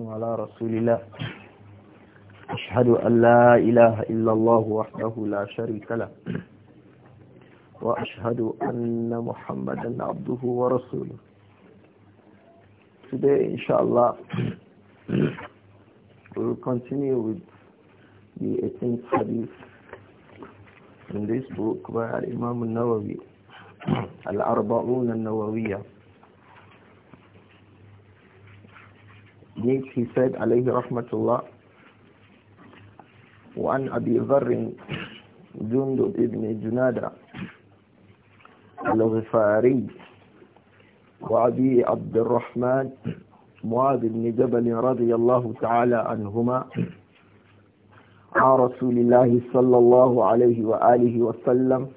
والسلام على رسول الله أشهد أن لا إله إلا الله وحده لا شريك له وأشهد أن محمدا عبده ورسوله Today, inshallah, we will continue with the 18th hadith in this book by Imam al-Nawawi, Al-Arba'un al-Nawawiyah. which he said عليه رحمة الله وعن أبي ذر جندب بن جنادة الغفاري وأبي عبد الرحمن معاذ بن جبل رضي الله تعالى عنهما عن رسول الله صلى الله عليه وآله وسلم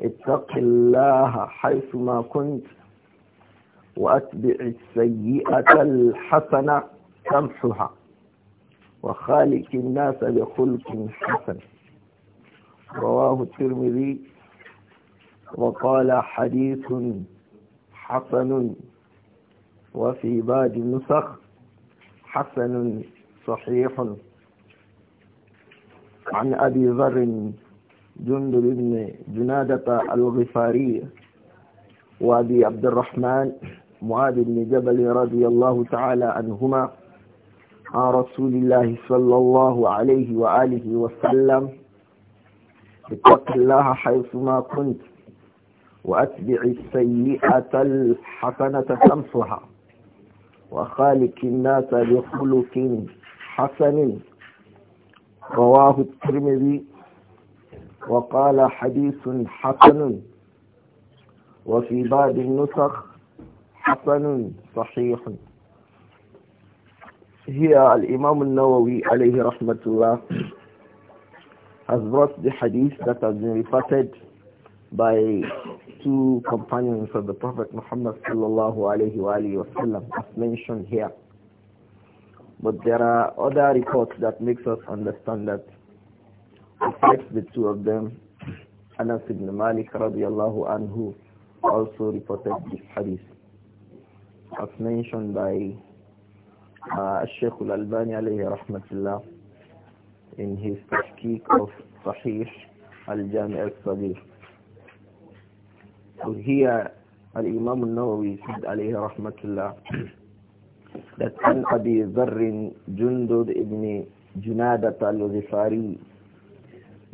اتق الله حيثما كنت وأتبع السيئة الحسنة تمحها وخالق الناس بخلق حسن رواه الترمذي وقال حديث حسن وفي بعض النسخ حسن صحيح عن أبي ذر جندل بن جنادة الغفاري وأبي عبد الرحمن معاذ بن جبل رضي الله تعالى عنهما عن رسول الله صلى الله عليه وآله وسلم اتق الله حيثما كنت وأتبع السيئة الحسنة تمسها وخالق الناس بخلق حسن رواه الترمذي وقال حديث حسن وفي بعض النسخ حسن صحيح Here Al-Imam al-Nawawi alayhi rahmatullah has brought the hadith that has been reported by two companions of the Prophet Muhammad الله عليه وآله وسلم as mentioned here. But there are other reports that makes us understand that besides the two of them, Anas ibn Malik الله عنه also reported this hadith as mentioned by uh, Sheikh Al-Albani alayhi rahmatullah in his tahqiq of Sahih Al-Jami' Al-Sadir. So here Al-Imam Al-Nawawi said alayhi rahmatullah that an Abi Zarrin Jundud ibn Junadat Al-Ghifari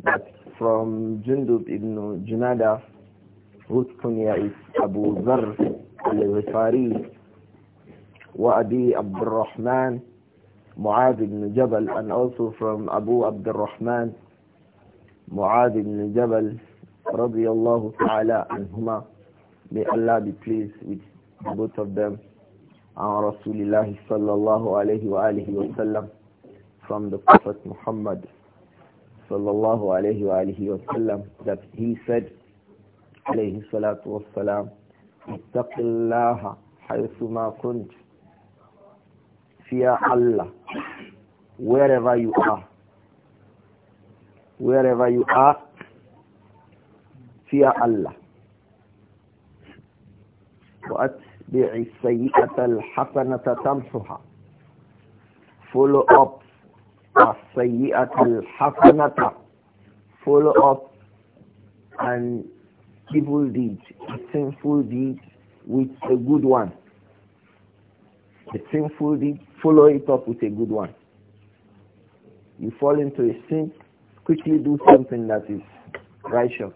that from Jundud ibn Junada whose kunya is Abu Zarr al-Ghifari وأبي عبد الرحمن معاذ بن جبل أن أوصل from أبو عبد الرحمن معاذ بن جبل رضي الله تعالى عنهما may Allah be pleased with both of them عن رسول الله صلى الله عليه وآله وسلم from the Prophet Muhammad صلى الله عليه وآله وسلم that he said عليه الصلاة والسلام اتق الله حيثما كنت fear Allah wherever you are. Wherever you are, fear Allah. وَأَتْبِعِ al الْحَسَنَةَ تَمْحُهَا Follow up السَّيِّئَةَ الْحَسَنَةَ Follow up and evil deed, a sinful deed with a good one. A sinful deed follow it up with a good one. You fall into a sin, quickly do something that is righteous.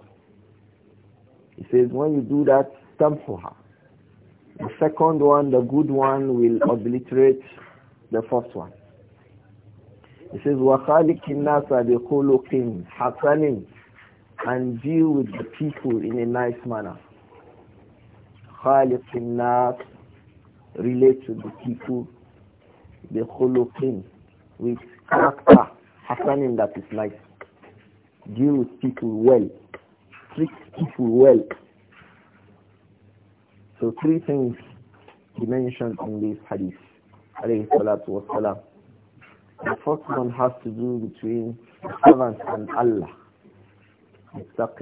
He says, when you do that, her. The second one, the good one, will obliterate the first one. He says, وَخَالِكِ النَّاسَ بِخُلُقٍ حَسَنٍ And deal with the people in a nice manner. Wahali النَّاسَ Relate to the people the khuluqin, with character, happening that is nice. Deal with people well. Treat people well. So three things he mentioned in this hadith. Alayhi salatu wasalam. The first one has to do between servant and Allah. اتق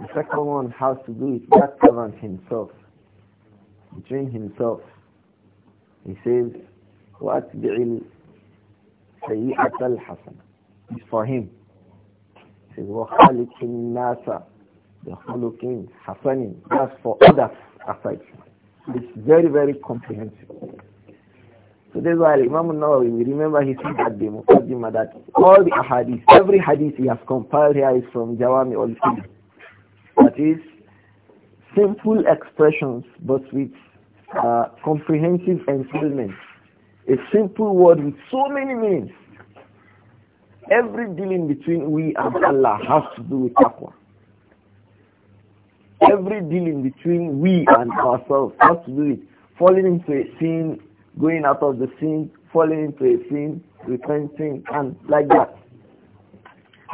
The second one has to do with that servant himself between himself. He says, "What وَأَتْبِعِ al hasan It's for him. He says, وَخَالِقِ النَّاسَ بِخُلُقٍ حَسَنٍ That's for others aside. It's very, very comprehensive. So that's why Imam Nawawi, we remember he said at the Muqaddimah that all the hadith, every hadith he has compiled here is from Jawami al That is simple expressions but with uh, comprehensive entailment. A simple word with so many meanings. Every dealing between we and Allah has to do with taqwa. Every dealing between we and ourselves has to do with falling into a sin, going out of the sin, falling into a sin, repenting, and like that.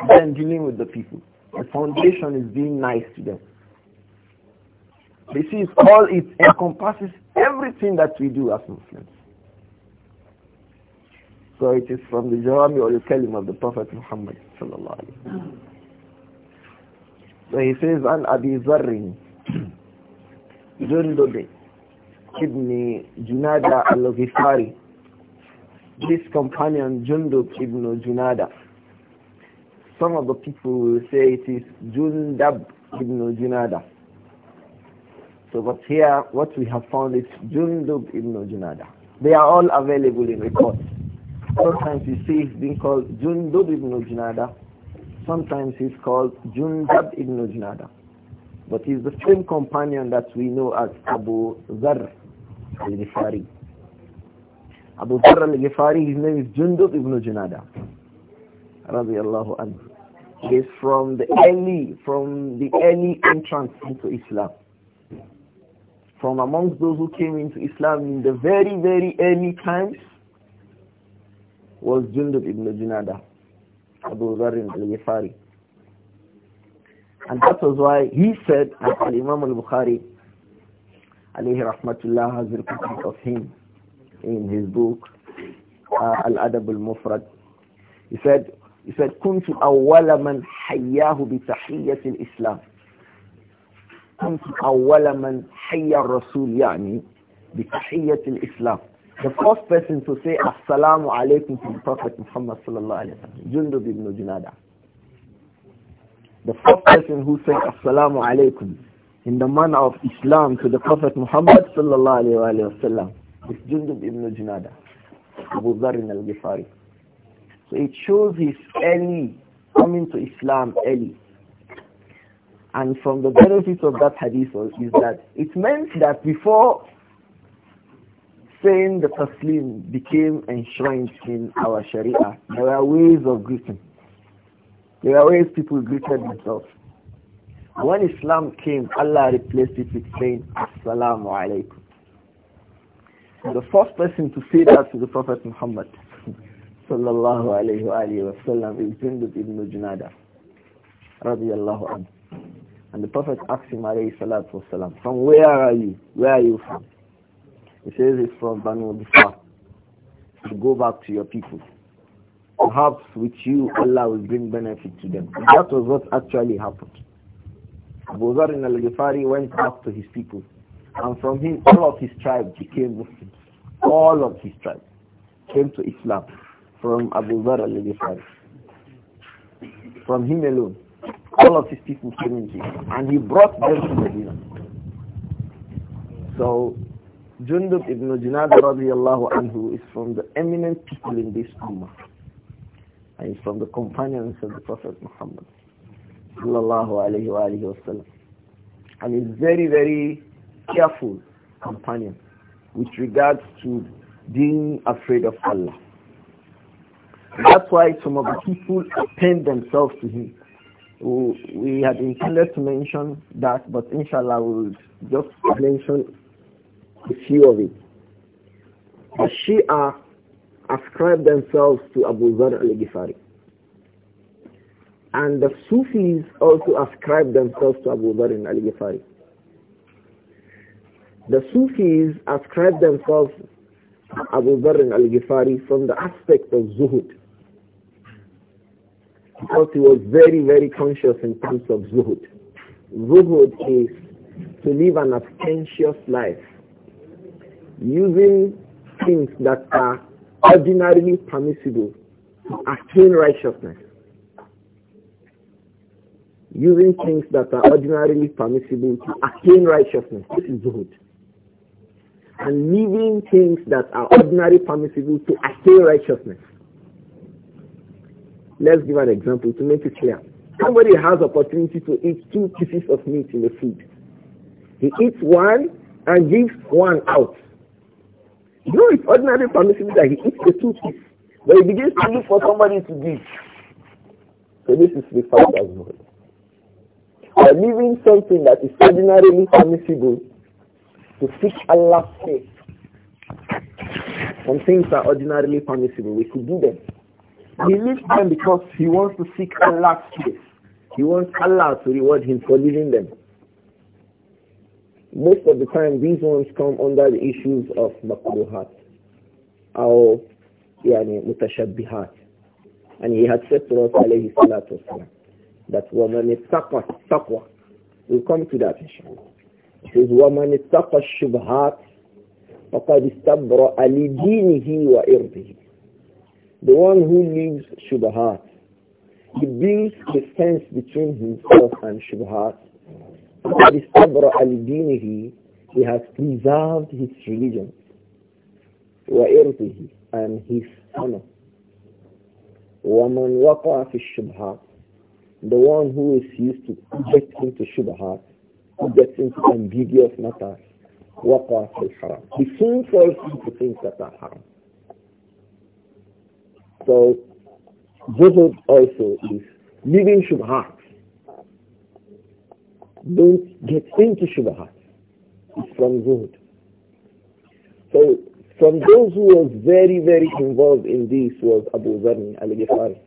Then dealing with the people. The foundation is being nice to them. This is all, it encompasses everything that we do as Muslims. So it is from the Jawami or the Kalim of the Prophet Muhammad sallallahu alayhi wa So he says, An Abi Zarrin, Jundube, Ibn Junada al-Ghifari. This companion, Jundub ibn Junada. Some of the people will say it is Jundab ibn Junada. So, but here, what we have found is Jundub ibn Junada. They are all available in records. Sometimes you see he's being called Jundub ibn Junada. Sometimes he's called Jundab ibn Junada. But he's the same companion that we know as Abu Dhar al-Ghifari. Abu Dhar al-Ghifari, his name is Jundub ibn Junada. Radiallahu anhu. He is from the early, from the early entrance into Islam from amongst those who came into Islam in the very, very early times was Jundub ibn Junada, Abu Zarin al Yafari, And that was why he said that Al-Imam al-Bukhari alayhi rahmatullah has reported of him in his book uh, Al-Adab al-Mufrad. He said, he said, كنت أول من حياه بتحية الإسلام the first person to say assalamu alaykum to the prophet muhammad sallallahu alaihi wasallam jundub ibn junada the first person who said assalamu alaykum in the manner of islam to the prophet muhammad sallallahu alaihi wasallam is jundub ibn junada abu dharr al-ghifari so it shows his early coming to islam early and from the benefits of that hadith is that it meant that before saying the taslim became enshrined in our sharia, there were ways of greeting. There were ways people greeted themselves. When Islam came, Allah replaced it with saying, Assalamu alaikum. The first person to say that to the Prophet Muhammad sallallahu alayhi wa sallam is ibn Junada radiallahu anhu. And the Prophet asked him, alayhi salatu wasalam, from where are you? Where are you from? He says, it's from Banu Bifar. To go back to your people. Perhaps with you, Allah will bring benefit to them. And that was what actually happened. Abu Zar al-Ghifari went back to his people. And from him, all of his tribe became Muslims. All of his tribe came to Islam from Abu Zar al-Ghifari. From him alone all of his people came in here and he brought them to Medina. So Jundub ibn Junad radiallahu anhu is from the eminent people in this ummah and he's from the companions of the Prophet Muhammad sallallahu alayhi wa alayhi wasallam and he's very very careful companion with regards to being afraid of Allah. That's why some of the people append themselves to him we had intended to mention that, but inshallah we will just mention a few of it. The Shia ascribe themselves to Abu Zar al-Ghifari. And the Sufis also ascribe themselves to Abu Zar al-Ghifari. The Sufis ascribe themselves to Abu Zar al-Ghifari from the aspect of Zuhud because he was very, very conscious in terms of zuhud. Zuhud is to live an abstentious life, using things that are ordinarily permissible to attain righteousness. Using things that are ordinarily permissible to attain righteousness. This is zuhud. And leaving things that are ordinarily permissible to attain righteousness. Let's give an example to make it clear. Somebody has opportunity to eat two pieces of meat in the food. He eats one and gives one out. You know, it's ordinarily permissible that he eats the two pieces, but he begins to look for somebody to give. So this is the as well. By leaving something that is ordinarily permissible to seek Allah's faith. Some things are ordinarily permissible. We could do them. He leaves them because he wants to seek Allah's place. He wants Allah to reward him for leaving them. Most of the time, these ones come under the issues of makruhat or yani, mutashabbihat. And he had said to us, alayhi salatu wasalam, that woman is taqwa, taqwa. We'll come to that, inshallah. He says, woman is taqwa shubhat, فَقَدْ اسْتَبْرَأَ wa وَإِرْضِهِ the one who leaves Shubahat, he builds a fence between himself and Shubahat. He has preserved his religion وإرضه and his honor. ومن وقع في الشبهات the one who is used to get into shubhat, who gets into ambiguous matters, وقع في الحرام. He soon falls into things that are haram. So Zuhud also is leaving Shubhat. Don't get into Shubhat. It's from Zuhud. So from those who was very, very involved in this was Abu Zarni al-Ghifari.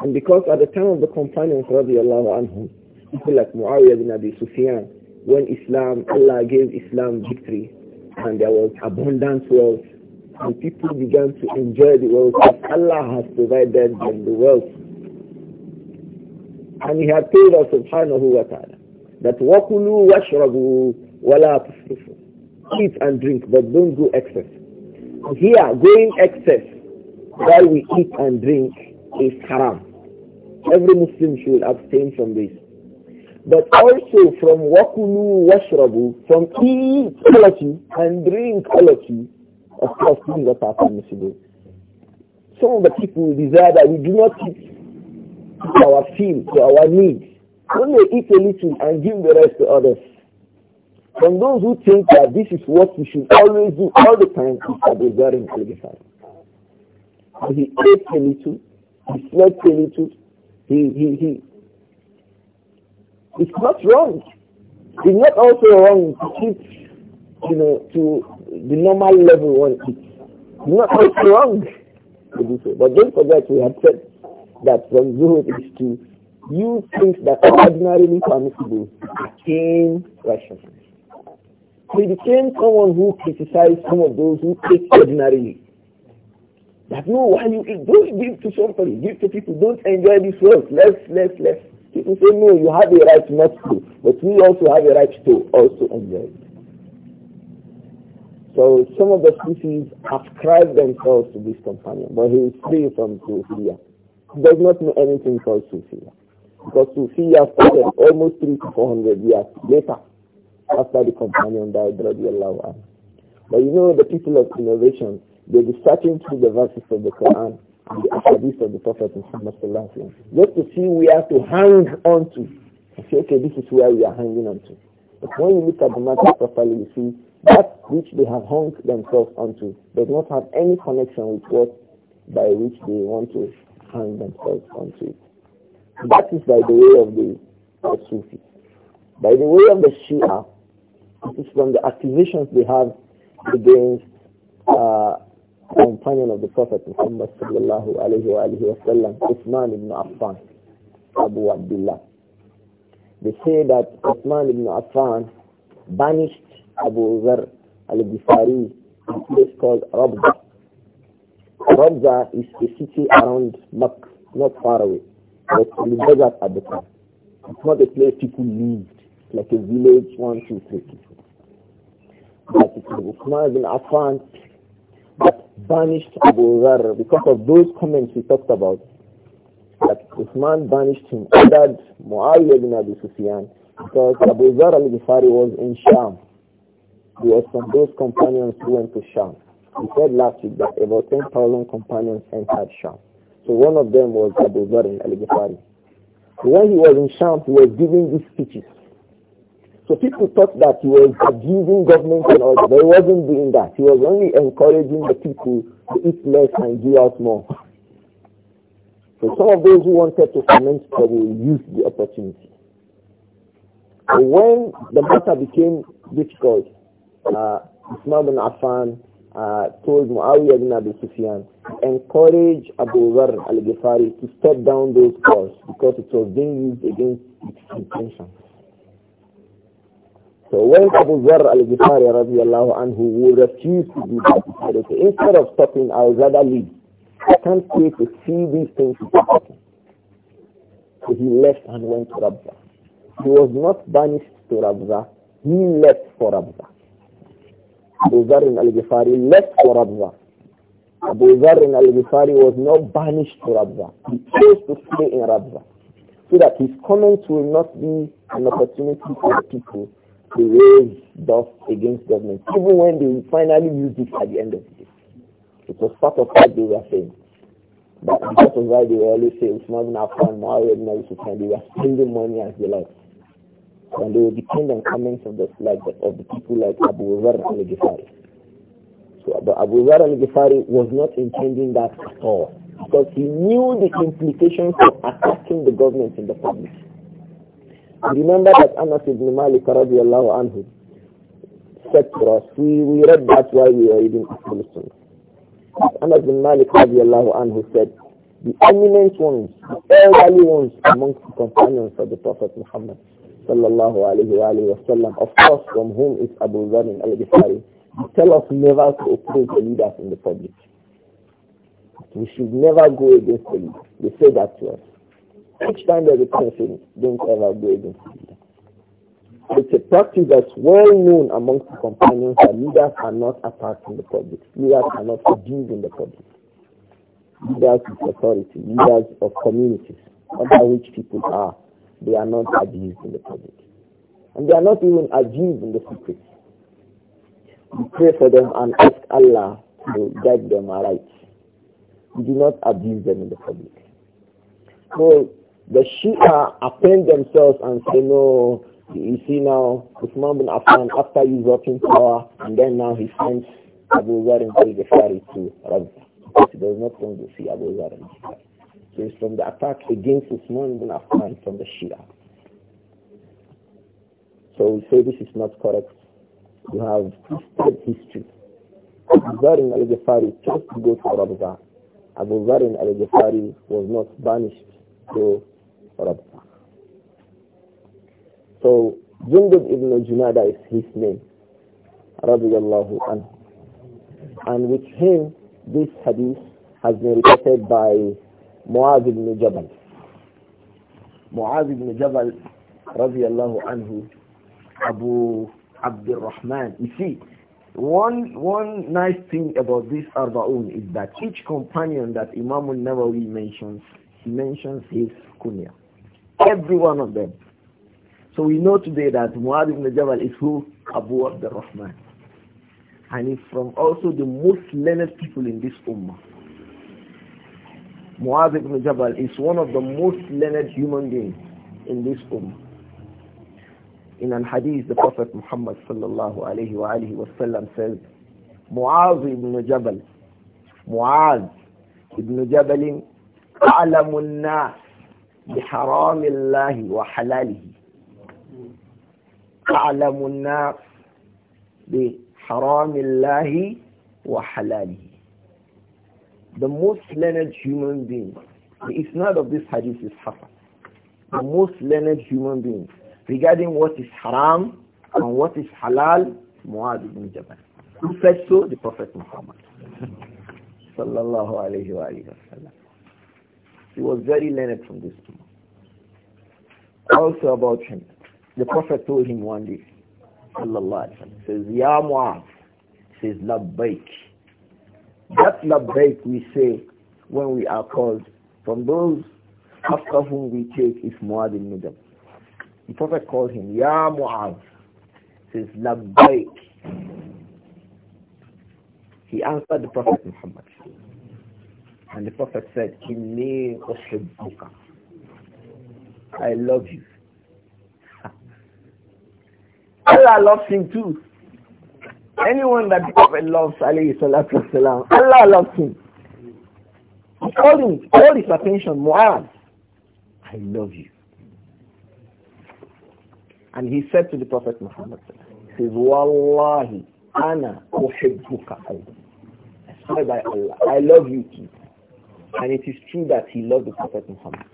And because at the time of the companions, radiallahu anhum, people like Muawiyah bin Abi Sufyan, when Islam, Allah gave Islam victory, and there was abundant wealth and people began to enjoy the wealth that Allah has provided them the wealth. And He had told us subhanahu wa ta'ala that wakulu washrabu وَلَا تُسْرِفُوا Eat and drink, but don't go excess. Here, going excess while we eat and drink is haram. Every Muslim should abstain from this. But also from wakulu washrabu, from eat quality and drink quality, of course, doing what are permissible. Some of the people desire that we do not eat to our feel, to our needs. Only eat a little and give the rest to others. From those who think that this is what we should always do all the time, is Abu Zar in He ate a little, he slept a little, he, he, he. It's not wrong. It's not also wrong to keep, you know, to the normal level one is Not so strong, But don't forget we had said that from zuhud is to use things that are ordinarily permissible attain righteousness. So he became someone who criticized some of those who take ordinarily. That no, why you eat? Don't give to somebody, give to people. Don't enjoy this world. Less, less, less. People say no, you have a right not to, but we also have a right to also enjoy it. So some of the species ascribe themselves to this companion, but he is free from Sufiya. He does not know anything called Sufiya. Because Sufiya started almost three to four hundred years later after the companion died, radiallahu anhu. But you know the people of innovation, they'll be searching through the verses of the Quran and the ahadith of the Prophet Muhammad just to see where to hang on to. Say, okay, this is where we are hanging on to. But when you look at the matter properly, you see that which they have hung themselves onto does not have any connection with what by which they want to hang themselves onto it. That is by the way of the, Sufi. By the way of the Shia, it is from the accusations they have against uh, companion of the Prophet Muhammad sallallahu alayhi wa alayhi wa sallam, Uthman ibn Affan, Abu Abdullah. They say that Osman ibn Affan banished Abu Zar al-Ghifari to a place called Rabza. Rabza is a city around Makkah, not far away, but in the desert at the time. It's not a place people lived, like a village, one, two, three people. But it's Osman ibn Affan that banished Abu Zar because of those comments we talked about that Uthman banished him, ordered Muawiyah bin Abi Sufyan, because Abu Zar al-Ghifari was in Sham. He was from those companions who went to Sham. He said last week that about 10,000 companions entered Sham. So one of them was Abu Zar al-Ghifari. So when he was in Sham, he was giving these speeches. So people thought that he was abusing government and all that, but he wasn't doing that. He was only encouraging the people to eat less and give out more. So some of those who wanted to ferment trouble used the opportunity. So when the matter became difficult, uh, Ismail bin Affan uh, told Muawiyah bin Abi Sufyan, encourage Abu Dhar al-Ghifari to step down those calls because it was being used against its intention. So when Abu Dhar al-Ghifari radiallahu anhu who refused to do that, he said, okay, instead of stopping, I would rather leave. I can't wait to see these things happen. So he left and went to Rabza. He was not banished to Rabza. He left for Rabza. Abu Zarin al-Ghifari left for Rabza. Abu Zarin al-Ghifari was not banished to Rabza. He chose to stay in Rabza. So that his comments will not be an opportunity for people to raise dust against government, even when they finally use it at the end of it. It was part of what they were saying. But because of why they were always saying it's not enough fun, now we know it's time. They were spending money as they like. And they were depending on comments of the like of the people like Abu Zar al Ghifari. So but Abu Zar al Ghifari was not intending that at all. Because he knew the implications of attacking the government in the public. Remember that Anas ibn Malik radiallahu anhu said to us, we, we read that while we were reading Ahlul Sunnah. Anas bin Malik radiallahu anhu said, the eminent ones, the elderly ones amongst the companions of the Prophet Muhammad sallallahu alayhi wa, alayhi wa sallam, of course from whom is Abu Zarin al-Ghifari, tell us never to oppose the leaders in the public. We should never go against the leader. They say that to us. Each time there's a conflict, don't ever go against the leader. It's a practice that's well known amongst the companions that leaders are not attacked in the public. Leaders are not abused in the public. Leaders of authority, leaders of communities under which people are, they are not abused in the public. And they are not even abused in the secret. We pray for them and ask Allah to guide them aright. We do not abuse them in the public. So the Shia append themselves and say, no, you see now, Usman bin Affan, after in power, and then now he sends Abu Zar al-Ghifari to Rabza. But he does not want to see Abu Zar ghifari So it's from the attack against Usman bin Affan from the Shia. So we say this is not correct. You have twisted history. Abu Zar al-Ghifari chose to go to Rabza. Abu Zar al-Ghifari was not banished to Rabza. So Jundub ibn Junada is his name. Radiallahu anhu. And with him, this hadith has been reported by Muaz ibn Jabal. Muaz ibn Jabal, radiallahu anhu, Abu Abdurrahman. You see, one, one nice thing about this Arba'un is that each companion that Imam al-Nawawi mentions, he mentions his kunya. Every one of them. So we know today that Muad ibn Jabal is who? Abu Abdul Rahman. And he's from also the most learned people in this ummah. Muad ibn Jabal is one of the most learned human beings in this ummah. In an hadith, the Prophet Muhammad sallallahu alayhi wa alihi wa sallam says, Muaz ibn Jabal, Muaz ibn Jabal, أعلم الناس بحرام الله وحلاله the most learned human being, the isnad of this hadith is Hassan. The most learned human being regarding what is haram and what is halal, Muad ibn Jabal. Who said so? The Prophet Muhammad. Sallallahu alayhi wa He was very learned from this. Also about him. The Prophet told him one day, sallallahu alayhi wa says, Ya says, Labbaik. That Labbaik we say when we are called from those after whom we take is Mu'adh ibn The Prophet called him, Ya Mu'adh, says, Labbaik. He answered the Prophet Muhammad. And the Prophet said, Inni uhibbuka. I love you. Allah loves him too. Anyone that the Prophet loves, alayhi salatu wasalam, Allah loves him. He called him, called his attention, Mu'ad, I love you. And he said to the Prophet Muhammad, he says, Wallahi, ana uhibbuka. I swear by Allah, I love you too. And it is true that he loved the Prophet Muhammad.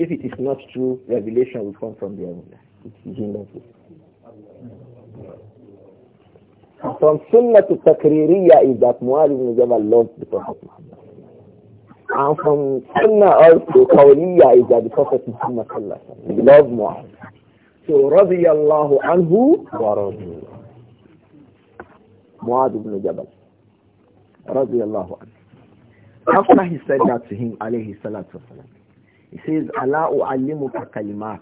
If it is not true, revelation will come from the heaven. It is in love with فان سنة التكريرية إذا موالي من جبل لونت بصفة محمد عن فان سنة أرض قولية إذا بصفة محمد صلى الله عليه وسلم لوز رضي الله عنه ورضي الله مواد بن جبل رضي الله عنه أقنى سيداتهم عليه الصلاة والسلام يقول ألا أعلمك كلمات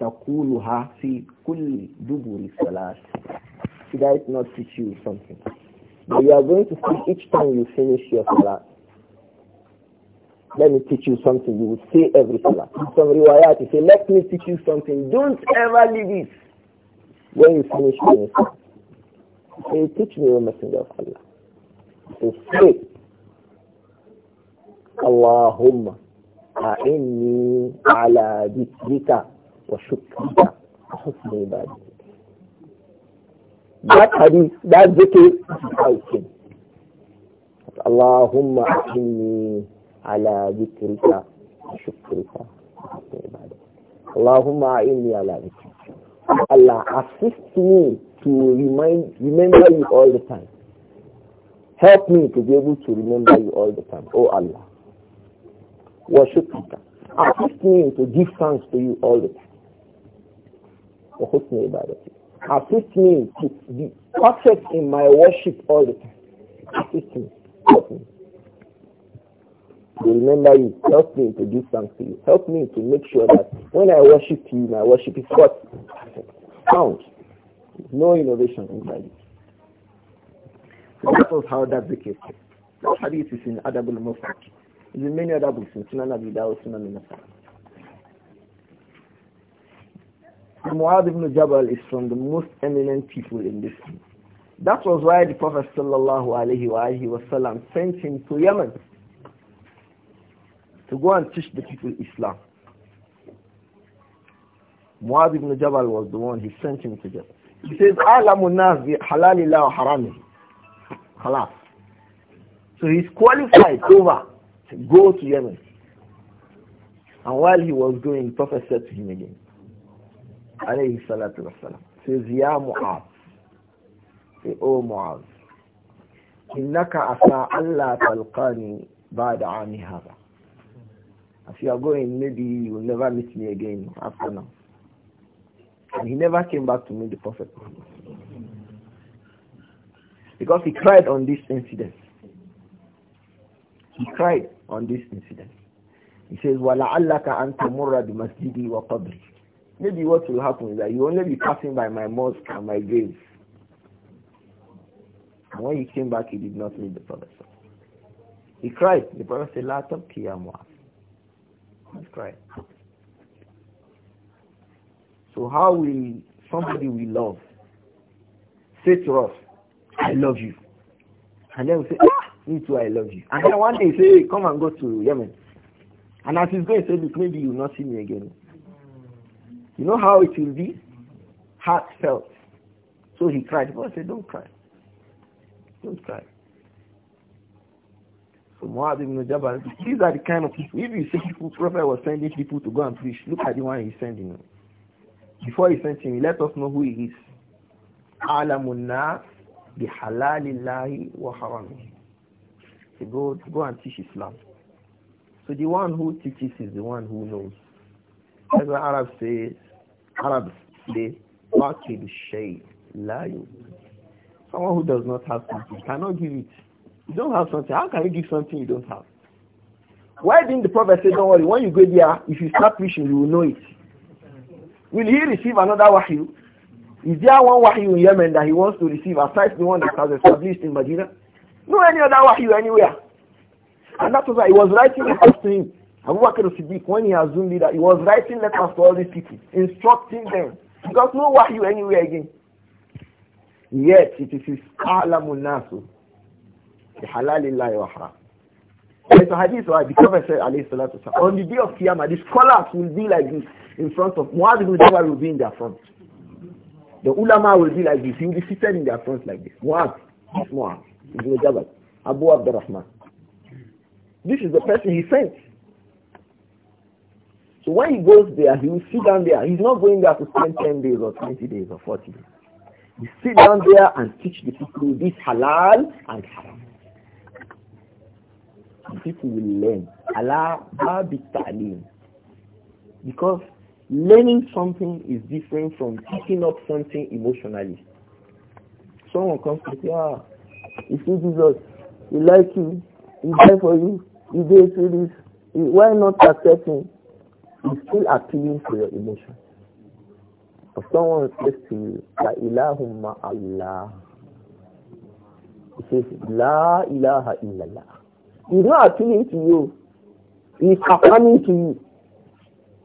تقولها في كل دبر الصلاة Should I not teach you something? But you are going to say each time you finish your salah, let me teach you something. You will say every salah. Some riwayat, you say, let me teach you something. Don't ever leave it when you finish your salah. Say, teach me, O Messenger of Allah. Say, say, Allahumma a'inni ala dhikrika wa shukrika that hadith, that zikr is how it came. Allahumma ahini ala zikrika shukrika Allahumma ahini ala zikrika. Allah assist me to remind, remember you all the time. Help me to be able to remember you all the time, O oh Allah. shukrika. Assist me to give thanks to you all the time. وحسن عبادتك Assist me to be perfect in my worship all the time. Assist me. Help me. To remember you. Help me to do something. Help me to make sure that when I worship you, my worship is what? perfect, Sound. No innovation in it. So that was how that became. That hadith is in Adabul Mufaq. in many other books in Sunan Abu Dawud, Sunan Nasai. Mu'adh ibn Jabal is from the most eminent people in this That was why the Prophet sallallahu alaihi wasallam sent him to Yemen to go and teach the people Islam. Mu'adh ibn Jabal was the one he sent him to Yemen. He says, "Alamu nas bi halalillah wa haramihi." So he's qualified over to go to Yemen. And while he was going, the Prophet said to him again, alayhi salatu wasalam, says, Ya Mu'az, say, O Mu'az, innaka asa Allah talqani ba'da ani hada. If you are going, maybe you will never meet me again after now. And he never came back to meet the Prophet. Because he cried on this incident. He cried on this incident. He says, وَلَعَلَّكَ أَن تَمُرَّ بِمَسْجِدِي وَقَبْرِي maybe what will happen is that you only be passing by my mosque and my grave. And when he came back, he did not meet the Prophet. He cried. The Prophet said, La taqiyamwa. He cried. So how will somebody we love say to us, I love you. And then we say, ah, me too, I love you. And then one day he say, come and go to Yemen. And as he's going, he say, look, maybe you'll not see me again. You know how it will be? Heartfelt. So he cried. God said, don't cry. Don't cry. So Muad ibn Jabal, these are the kind of people. If you see Prophet was sending people to go and preach, look at the one he's sending. Before he sent him, let us know who he is. Alamunna bihalalillahi wa haramihi. To go, go and teach Islam. So the one who teaches is the one who knows. As the Arabs say, Arabs say, Wakil Shay Layu. Someone who does not have something cannot give it. You don't have something. How can you give something you don't have? Why didn't the prophet say, don't worry, when you go there, if you start preaching, you will know it. Will he receive another wahyu? Is there one wahyu in Yemen that he wants to receive aside the one that has established in Medina? No any other wahyu anywhere. And that was why he was writing it to him. Abu Bakr al-Siddiq, when he assumed leader, he was writing letters to all these people, instructing them. Because no you anywhere again. Yet, it is his alamun nasu. Halalillahi wa haram. It's a hadith where the Prophet said, alayhi salatu on the day of Qiyamah, the scholars will be like this in front of, Muad ibn Jabal will be in their front. The ulama will be like this. He will be seated in their front like this. Muad, Muad ibn Jabal, Abu Abdurrahman. This is the person he sent. So when he goes there, he will sit down there. He's not going there to spend 10 days or 20 days or 40 days. He sit down there and teach the people this halal and haram. The people will learn. Allah Because learning something is different from picking up something emotionally. Someone comes to say, ah, you see Jesus, he like you, he die for you, he did this, why not accept him? It's still appealing to your emotion. If someone says to you, La ilahumma Allah, he says, La ilaha illallah. He's not appealing to you. He's affirming to you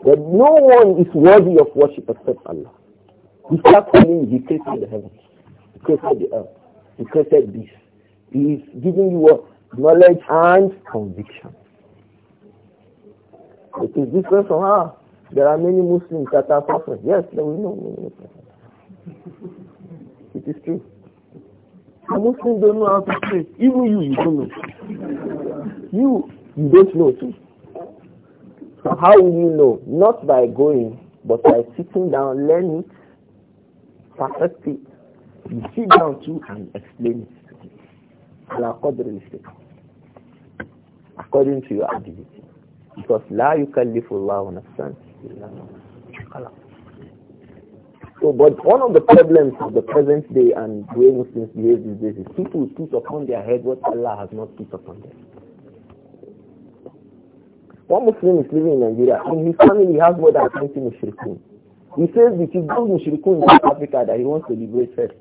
that no one is worthy of worship except Allah. He starts telling you, He created the heavens, He created the earth, He created this. He is giving you knowledge and conviction. It is different from how ah, there are many Muslims that are suffering. Yes, we know many Muslims. It is true. The Muslims don't know how to pray. Even you, you don't know. You, you don't know too. So how will you know? Not by going, but by sitting down, learning, it, perfect it. You sit down too and explain it. According to your ability. Because la yukallifullahu nafsan so, but one of the problems of the present day and the way Muslims behave these days is people put upon their head what Allah has not put upon them. One Muslim is living in Nigeria. In his family, he has more than 20 mushrikun. He says if he goes mushrikun in South Africa that he wants to liberate first.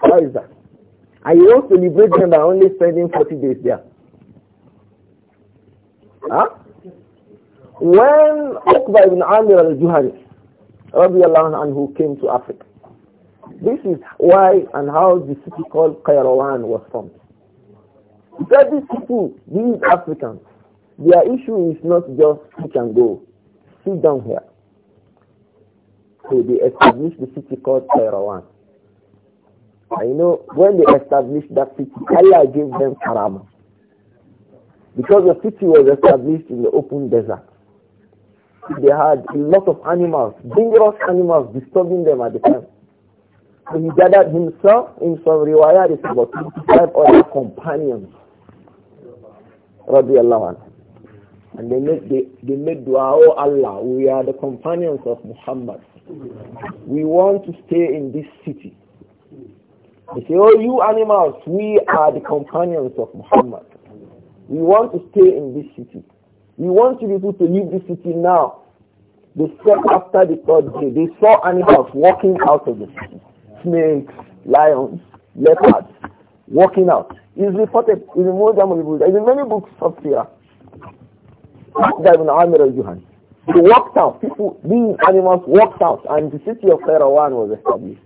Why is that? And he wants to liberate them by only spending 40 days there. When Uqba ibn Amir al-Juhani anhu came to Africa, this is why and how the city called Qayrawan was formed. Because these people, these Africans, their issue is not just you can go, sit down here. So they established the city called Qayrawan. I know when they established that city, Allah gave them Karama. Because the city was established in the open desert. They had a lot of animals, dangerous animals disturbing them at the time. So he gathered himself in some riwayat, it's about 25 other companions. Radiallahu and they made they, they made dua, oh Allah, we are the companions of Muhammad. We want to stay in this city. They say, oh you animals, we are the companions of Muhammad. We want to stay in this city. We want people to leave this city now. They slept after the third day. They saw animals walking out of the city. Snakes, lions, leopards, walking out. It's reported in the Mujam people. There's many books of here. Ibn They walked out. People, these animals walked out and the city of Kairouan was established.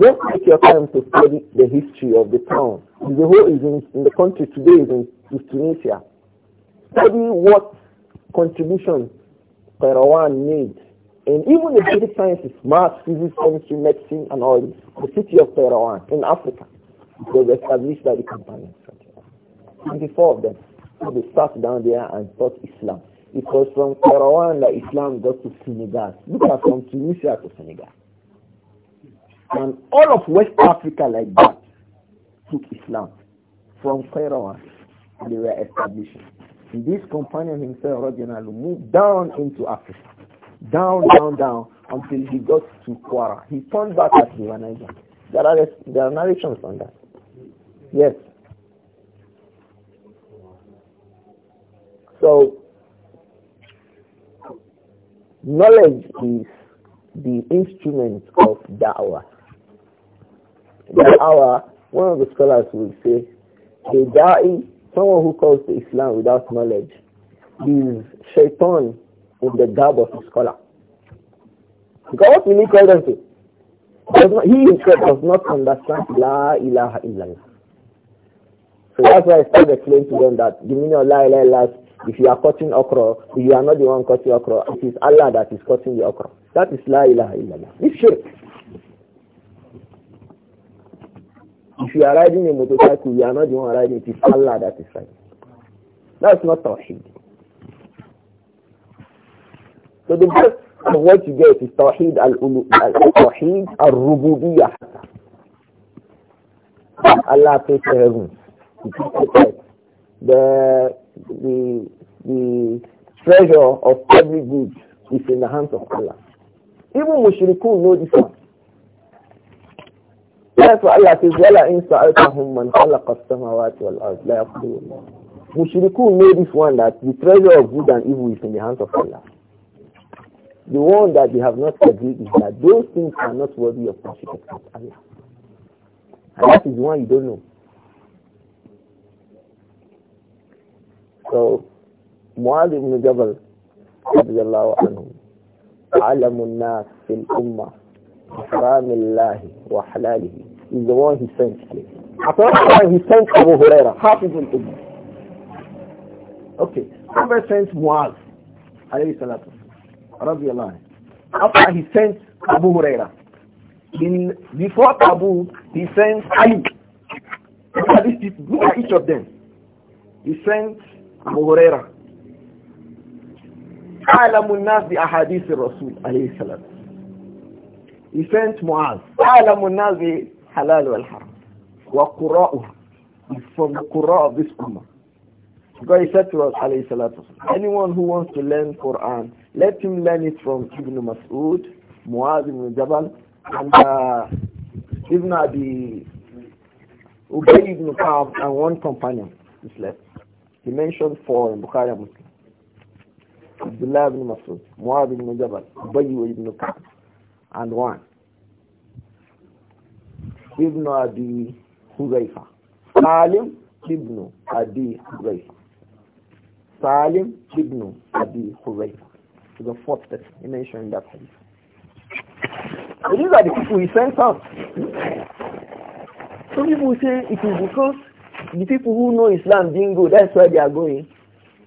Just take your time to study the history of the town. The whole is in, in the country today is in is Tunisia. Study what contribution Perawan made. And even the basic sciences, math, physics, chemistry, medicine, and all this, the city of Perawan in Africa they was established by the company. Twenty-four of them. So they sat down there and taught Islam. It was from Perawan that Islam got to Senegal. Look at from Tunisia to Senegal. And all of West Africa like that took Islam from Perawan they were establishing. And this companion himself, Rajanal, moved down into Africa, down, down, down, until he got to Kwara. He turned back at the Niger. There are, there are narrations on that. Yes. So, knowledge is the instrument of da'wah. Da'wah, one of the scholars will say, a da'i Someone who calls to Islam without knowledge is shaitan in the garb of a scholar. Because what will he call them to? he himself does not understand La ilaha illallah. So that's why I started explaining to them that the meaning of La ilaha illallah if you are cutting okra, you are not the one cutting okra. It is Allah that is cutting the okra. That is La ilaha illallah. It's shirk. If you are riding a motorcycle, you are not the one riding it. It's Allah that is riding. That's not Tawheed. So the best of what you get is Tawheed al-Tawheed al-Rububiyyah. Allah takes the heavens. He takes the earth. The, the, the treasure of every good is in the hands of Allah. Even mushrikun know this one. That's why Allah says, وَلَا إِنْ سَأَلْتَهُمْ مَنْ خَلَقَ السَّمَوَاتِ وَالْأَرْضِ لَا يَقْدُونَ Mushrikun know this one that the treasure of good and evil is in the hands of Allah. The one that they have not agreed is that those things are not worthy of worship except Allah. And that is the one you don't know. So, Muad ibn Jabal, radiallahu anhu, عَلَمُ النَّاسِ فِي الْأُمَّةِ حرام الله وحلاله is the one he sent. After that, he sent Abu Huraira, half of him. Okay, Prophet sent Muaz, alayhi salatu, radiallahu After he sent Abu Huraira, in, before Abu, he sent Ali. Look at, this, look at each of them. He sent Abu Huraira. أعلم الناس بأحاديث الرسول عليه السلام. He sent Muaz. أعلم الناس halal wal haram. Wa qura'uha from the Qur'an of this ummah. God said to us, alayhi salatu anyone who wants to learn Quran, let him learn it from Ibn Mas'ud, Muaz ibn Jabal, and uh, Ibn Abi Ubay ibn Ka'ab, and one companion is left. He mentioned four in Bukhari Muslim. Abdullah ibn Mas'ud, Muaz ibn Jabal, Ubay ibn Ka'ab, and one ibn Abi Huzaifa. Salim ibn Abi Huzaifa. Salim ibn Abi Huzaifa. So the fourth person he mentioned in that hadith. So these are the people he sent out. Some people say it is because the people who know Islam didn't go, that's why they are going.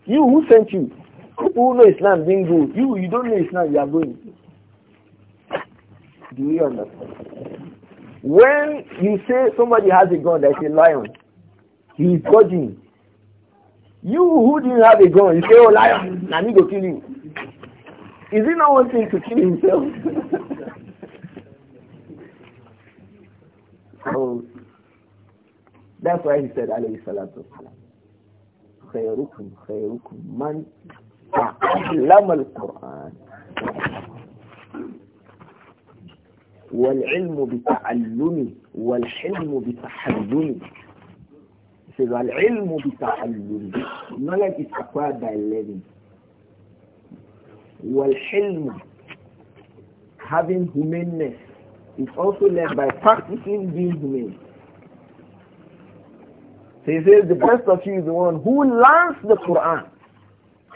You, who sent you? People who know Islam didn't go. You, you don't know Islam, you are going. Do you understand? When you say somebody has a gun, there's a lion, he is dodging. You who didn't have a gun, you say, oh, lion, na me go kill you. Is he not one thing to kill himself? so, that's why he said, alayhi salatu wasalam, خيركم خيركم من تعلم القرآن والعلم بتعلمي والحلم بتحلمي It العلم بتعلمي Knowledge is acquired by learning والحلم Having humaneness is also learned by practicing being humane. So he says the best of you is the one who learns the Quran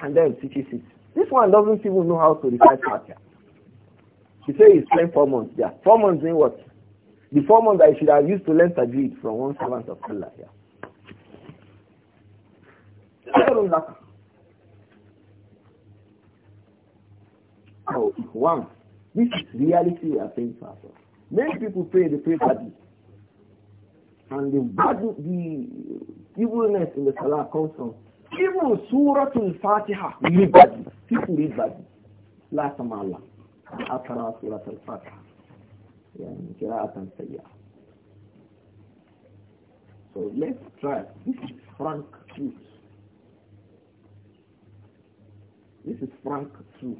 and then teaches it. This one doesn't even know how to recite Fatiha. He said he spent four months there. Four months in what? The four months I should have used to learn Tajweed from one servant of Allah Yeah. Oh, one. This is reality we are paying for. Many people pray, they pray badly. And the bad, the evilness in the Salah comes from even Surah to fatiha read bad. People read bad. Last time Allah. أقرأ سورة الفاتحة يعني قراءة سيئة So let's try. This is frank truth. This is frank truth.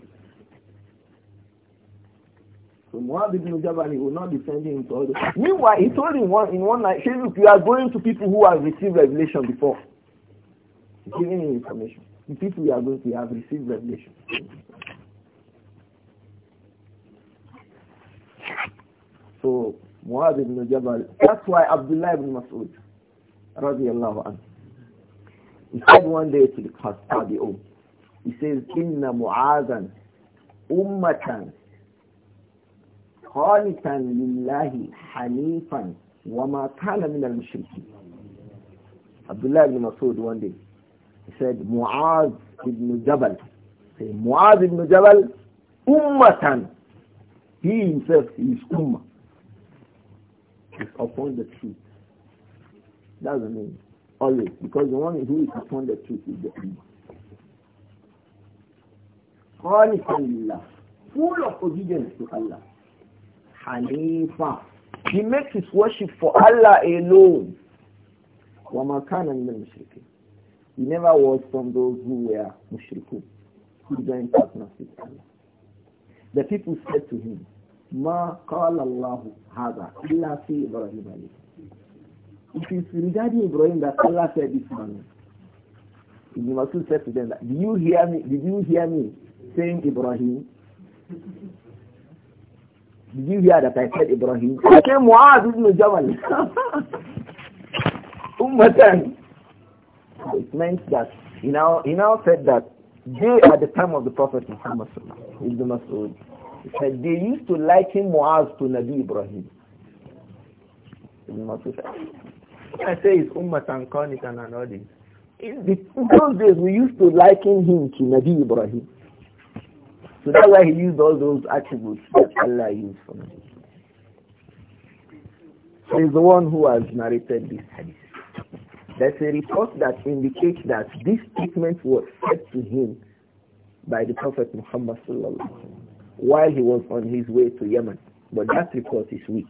So Muad ibn Jabal, he will not be sending him to others. Meanwhile, he told him one, in one night, hey, look, you are going to people who have received revelation before. He's giving him information. The people you are going to have received revelation. So Muad ibn Jabal, that's why Abdullah ibn Mas'ud, radiallahu anhu, he said one day to the Qastabi'un, he says, Inna Mu'adhan ummatan qanitan lillahi hanifan wa ma kana min al-mushrikeen. Abdullah ibn Mas'ud one day, he said, Mu'adh ibn Jabal, say, Mu'adh ibn Jabal, ummatan, he himself is ummah is upon the truth. That's the name. Always. Because the one who is upon the truth is the Only Allah, Full of obedience to Allah. Hanifa. He makes his worship for Allah alone. وَمَا كَانَ مِنَ الْمُشْرِكِينَ He never was from those who were mushrikun. He joined partners with Allah. The people said to him, Ma قال الله هذا illa fi Ibrahim. If it's regarding Ibrahim that Allah said this man, Ibn Masud said to them, that, Did you hear me? Did you hear me saying Ibrahim? Did you hear that I said Ibrahim? I said Muaz ibn Ummatan. It meant that, you know, he now said that they at the time of the Prophet Muhammad said, they used to liken Muaz to Nabi Ibrahim. I say it's Ummat and Qanitan and an this. In those days, we used to liken him to Nabi Ibrahim. So that's why he used all those attributes that Allah used for him. So he's the one who has narrated this hadith. There's a report that indicates that this statement was said to him by the Prophet Muhammad sallallahu alaihi wasallam while he was on his way to Yemen. But that report is weak.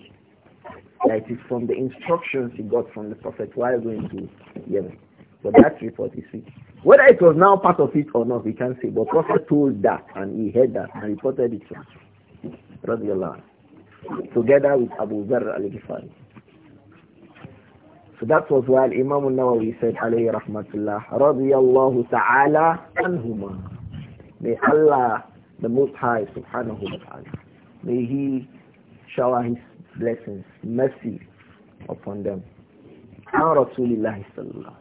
That is from the instructions he got from the Prophet while going to Yemen. But that report is weak. Whether it was now part of it or not, we can't say. But Prophet told that and he heard that and reported it from Radiallahu together with Abu Zar al-Ghifari. So that was why Imam al-Nawawi said alayhi rahmatullah radiyallahu ta'ala anhuma. May Allah the Most High subhanahu wa ta'ala. May He shower His blessings, mercy upon them. Now Rasulullah sallallahu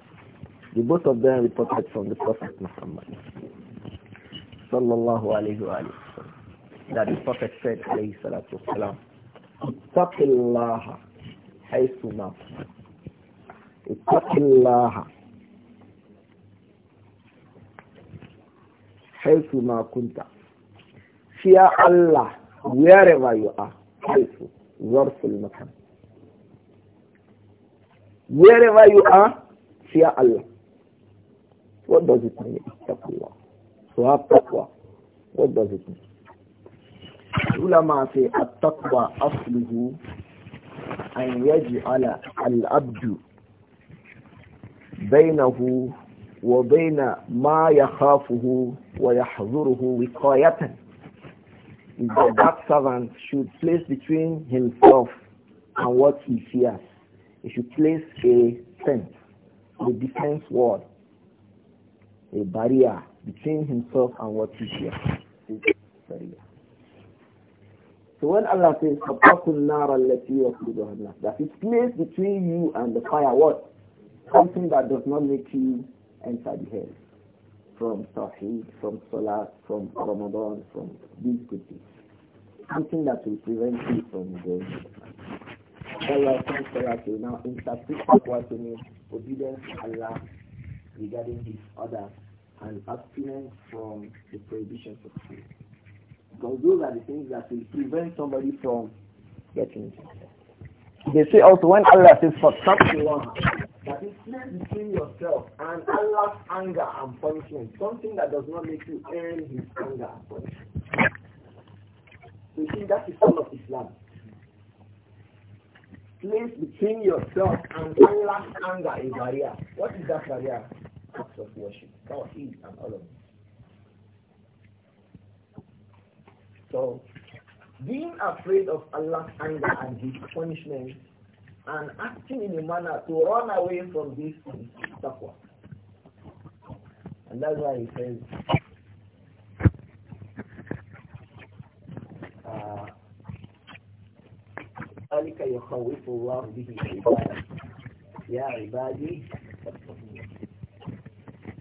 The both of them reported from the Prophet Muhammad sallallahu alayhi wa that the Prophet said alayhi salatu wasalam Ittaqillaha haythuma Ittaqillaha haythuma kunta في الله ويرضى يقع حيث آه، ظرف المكان ويرضى يقع في آه، الله what does it mean التقوى سواء التقوى what does it mean علماء في التقوى أصله أن يجعل العبد بينه وبين ما يخافه ويحذره وقايةً that servant should place between himself and what he fears. He should place a fence, a defense wall, a barrier between himself and what he fears. So when Allah says, that is placed between you and the fire, what? Something that does not make you enter the hell from Tawheed, from Salah, from Ramadan, from these good things. Something that will prevent you from going. Allah comes for us now interpret what means obedience to Allah regarding his orders and abstinence from the prohibitions of sin. Because those are the things that will prevent somebody from getting it. They say also when Allah says for something that is between yourself and Allah's anger and punishment. Something that does not make you earn his anger and punishment. you see, that is all of Islam. Place between yourself and Allah's anger a barrier. What is that barrier? Acts of worship, tawheed, and all of this. So, being afraid of Allah's anger and his punishment and acting in a manner to run away from this taqwa. And that's why he says uh, ذلك يخوف الله به عباده يا عبادي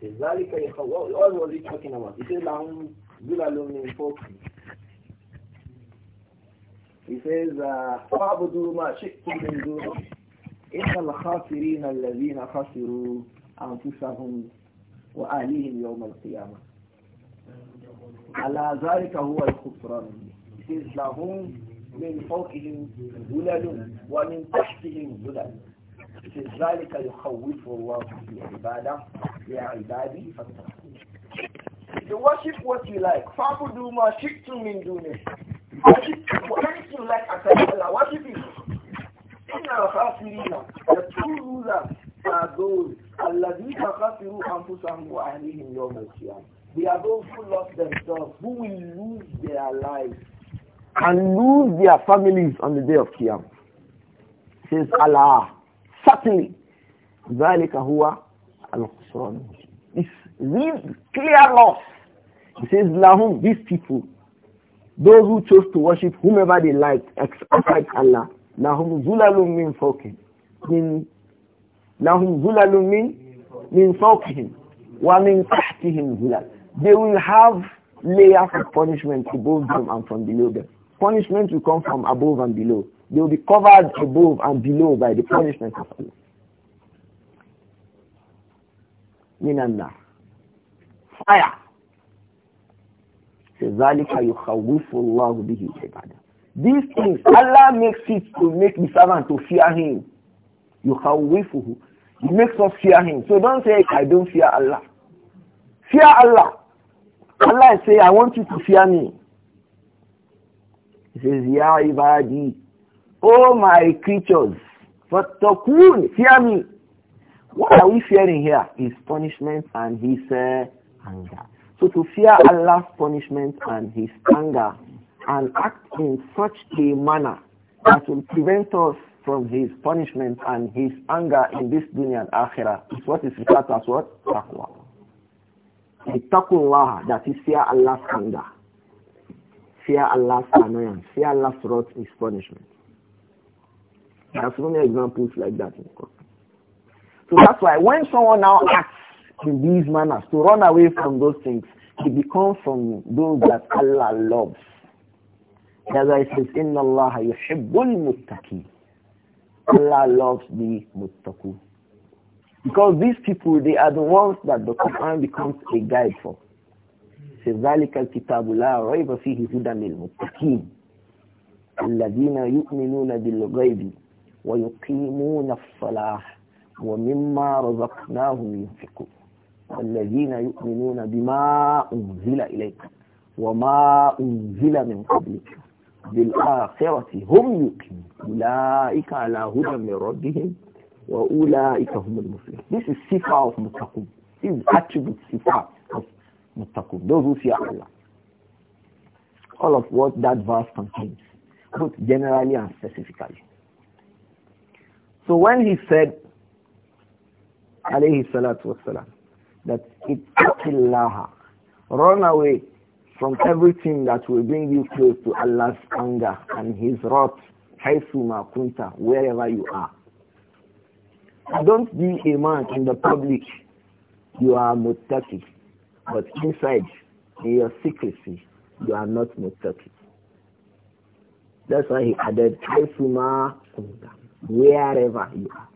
ذلك يخوف all was he talking about he said لهم ظلل من He says, فَعْبُدُوا مَا شِئْتُمْ مِنْ دُونِ إِنَّ الْخَاسِرِينَ الَّذِينَ خَسِرُوا أَنفُسَهُمْ وَأَهْلِهِمْ يَوْمَ الْقِيَامَةِ على ذلك هو الخسران He says, لَهُمْ مِنْ فَوْقِهِمْ ظُلَلٌ وَمِنْ تَحْتِهِمْ ظُلَلٌ He says, ذَلِكَ يُخَوِّفُ اللَّهُ فِي عِبَادَهُ يَا عِبَادِي فَاتَّقُونِ You worship what you like. فَعْبُدُوا مَا شِئْتُمْ مِنْ دُونِهِ Anything like what do you think? In our the true rulers are They are those who lost themselves, who will lose their lives and lose their families on the day of Qiyam. Says Allah, certainly, ذَلِكَ هُوَ الْخُسْرَانُ It's real, clear loss. He says, لَهُمْ, these people, those who chose to worship whomever they liked, except Allah, لَهُمْ زُلَلٌ مِّن فَوْقِهِمْ من لهم min من من فوقهم ومن تحتهم زلل they will have layers of punishment above them and from below them punishment will come from above and below they will be covered above and below by the punishment of Allah من النار fire these things, Allah makes it to make the servant to fear Him. يُخَوِّفُهُ He makes us fear Him. So don't say, I don't fear Allah. Fear Allah. Allah say, I want you to fear me. He says, Ya ibadi, O my creatures, fatakun, fear me. What are we fearing here? His punishment and his uh, anger. So to fear Allah's punishment and his anger and act in such a manner that will prevent us from his punishment and his anger in this dunya and akhirah is what is referred to as what? Taqwa. Ittaqullah, that is fear Allah's anger. Fear Allah's annoyance. Fear Allah's wrath is punishment. There are so many examples like that in the Quran. So that's why when someone now acts in these manners, to run away from those things, to become from those that Allah loves. as I it says, Inna Allah yuhibbul muttaqi. Allah loves the muttaqu. Because these people, they are the ones that the Quran becomes a guide for. It says, ذَلِكَ الْكِتَابُ لَا رَيْبَ فِيهِ هُدًى لِلْمُتَّقِينَ الَّذِينَ يُؤْمِنُونَ بِالْغَيْبِ وَيُقِيمُونَ الصَّلَاةَ وَمِمَّا رَزَقْنَاهُمْ يُنْفِقُونَ الذين يؤمنون بما أنزل إليك وما أنزل من قبلك بالآخرة هم يؤمنون أولئك على هدى من ربهم وأولئك هم المفلحون This is صفة of muttaqun This is attribute صفة of muttaqun Those who fear Allah All of what that verse contains both generally and specifically So when he said عليه الصلاة والسلام that ittaqillaha. Run away from everything that will bring you close to Allah's anger and His wrath, haythuma kunta, wherever you are. Don't be a man in the public. You are muttaqi, but inside, in your secrecy, you are not muttaqi. That's why he added haythuma kunta, wherever you are.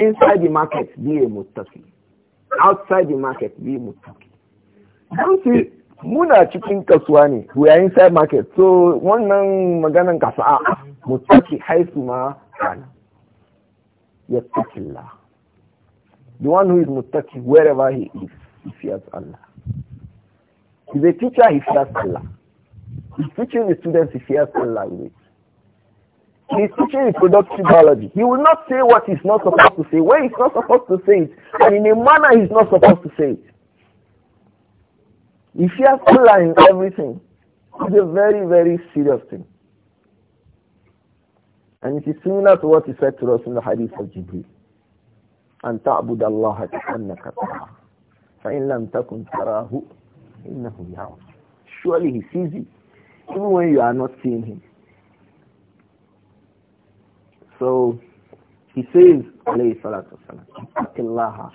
Inside the market, be a muttaqi outside the market we mutaki don see, muna cikin kasuwa ne we are inside market so wannan maganan kasuwa mutaki haisu ma kana Allah. the one who is mutaki wherever he is he fears Allah he's a teacher he fears Allah he's teaching the students he fears Allah with He's teaching reproductive biology. He will not say what he's not supposed to say, where he's not supposed to say it, and in a manner he's not supposed to say it. If you are to in everything, it's a very, very serious thing. And it is similar to what he said to us in the hadith of Jibreel. أن تعبد الله كأنك تراه فإن لم تكن تراه إنه يراك surely he sees you even when you are not seeing him so he says, alayhi salatu wasalam,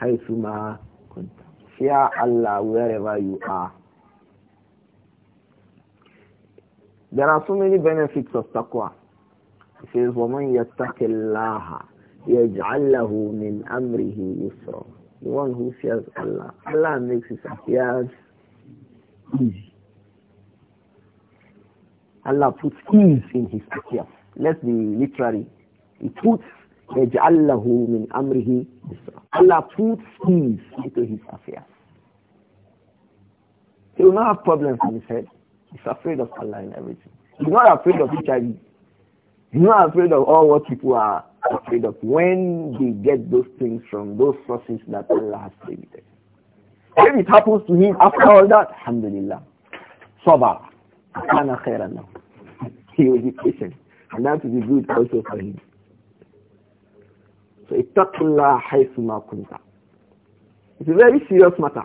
haythuma kunta. Fear Allah wherever you are. There are so many benefits of taqwa. He says, وَمَنْ يَتَّقِ اللَّهَ يَجْعَلْ لَهُ مِنْ أَمْرِهِ يُسْرًا The one who fears Allah, Allah makes his affairs easy. Allah puts ease in his affairs. Let's be literary. He puts يَجْعَلَّهُ min amrihi. Allah puts things into his affairs. He will not have problems in his head. He's afraid of Allah and everything. He's not afraid of HIV. He's not afraid of all what people are afraid of when they get those things from those sources that Allah has created. If it happens to him after all that, alhamdulillah. Sabah. Kana khairan He will be patient. And that is will good also for him. So ittaqullah haythuma kunta. It's a very serious matter.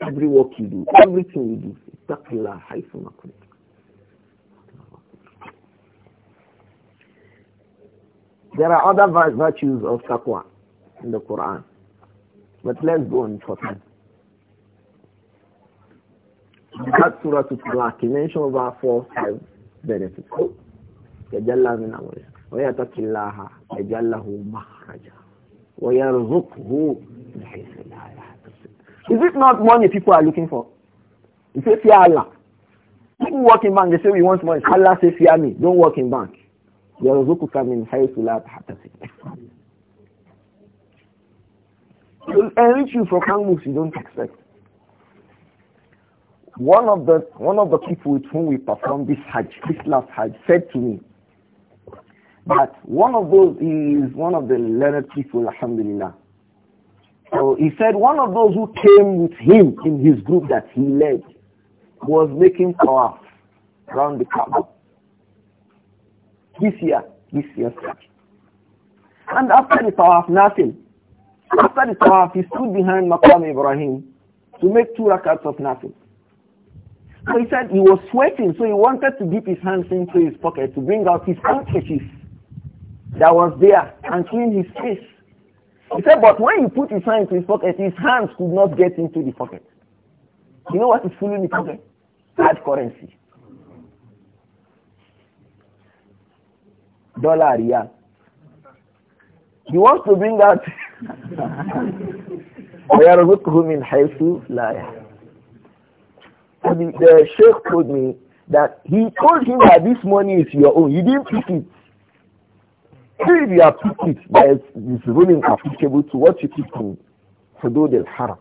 Every work you do, everything you do, ittaqullah haythuma There are other virtues of taqwa in the Quran. But let's go on for time that surah to Talaq, he mentioned over four, five benefits. يَجَلَّ مِنْ أَمْرِهِ وَيَتَقِ اللَّهَ يَجَلَّهُ مَخْرَجًا وَيَرْزُقْهُ مِنْ حَيْثُ Is it not money people are looking for? You say, fear Allah. People work in bank, they say, we want money. Allah says, fear me. Don't work in bank. يَرْزُقُكَ مِنْ حَيْثُ لَا تَحْتَسِبُ It will enrich you for angles you don't expect. One of the one of the people with whom we performed this Hajj, this last Hajj, said to me that one of those is one of the learned people, Alhamdulillah. So he said one of those who came with him in his group that he led was making tawaf around the Kaaba. This year, this year's Hajj. And after the tawaf, nothing. After the tawaf, he stood behind Maqam Ibrahim to make two rakats of nothing he said he was sweating, so he wanted to dip his hands into his pocket to bring out his handkerchief that was there and clean his face. He said, but when he put his hand into his pocket, his hands could not get into the pocket. You know what is filling the pocket? Hard currency. Dollar, yeah. He wants to bring out ويرزقه من حيث لا يحتسب the, the sheikh told me that he told him that this money is your own. You didn't pick it. If you have picked it, there is this ruling applicable to what you picked in Hudud al-Haram.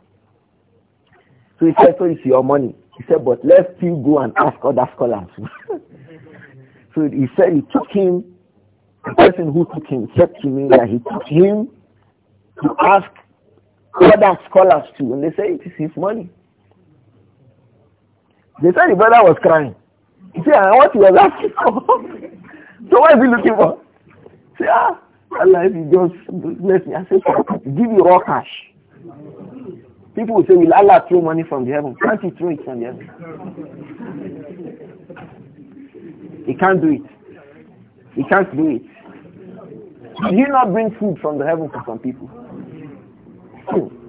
So he said, so it's your money. He said, but let's still go and ask other scholars. so he said he took him, the person who took him said to me that he took him to ask other scholars too. And they say it is his money. They said the brother was crying. He said, ah, what he was asking for? so what is he looking for? He said, ah, Allah, you just bless me. I said, give you raw cash. People will say, will Allah throw money from the heaven? Can't he throw it from the heaven? He can't do it. He can't do it. Did he not bring food from the heaven for some people? Hmm.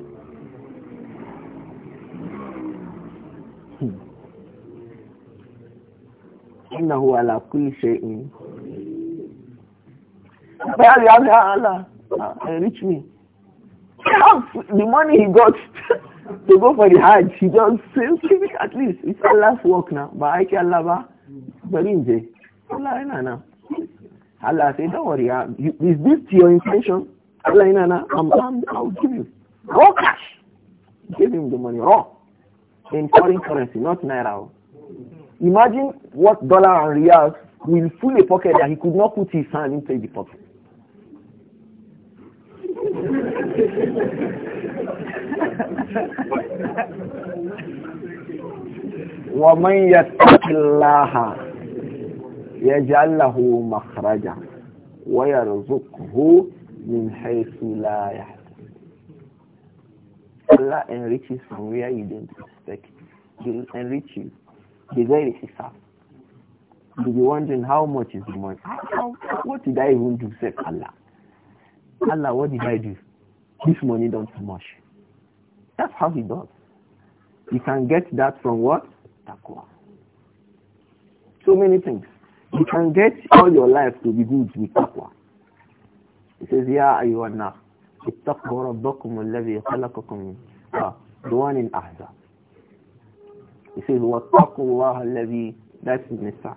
إنه على كل شيء Allah, ah, eh, reach me. The money he got to go for the Hajj, he just says, give it at least. It's a last work now. But I can love her Allah, Inanna. Eh, Allah say, don't worry. Ah, is this your intention? Allah, Inanna, eh, I'm, I'm, I'll give you. Raw cash. Give him the money raw. In foreign currency, not Naira. Oh. Imagine what dollar and reals will fill a pocket that he could not put his hand into the pocket. ومن يتق الله يجعل له مخرجا ويرزقه من حيث لا يحتسب Allah enriches from where you don't expect. He'll enrich you. بغير حساب You'll be wondering how much is the money. How, what did I even do, say Allah? Allah, what did I do? This money don't much. That's how he does. You can get that from what? Taqwa. So many things. You can get all your life to be good with taqwa. He says, Ya ayyuhanna, ittaqwa rabbakum alladhi khalaqakum. Ah, the one in Ahzab. He says, وَاتَّقُوا اللَّهَ الَّذِي That's Nisa.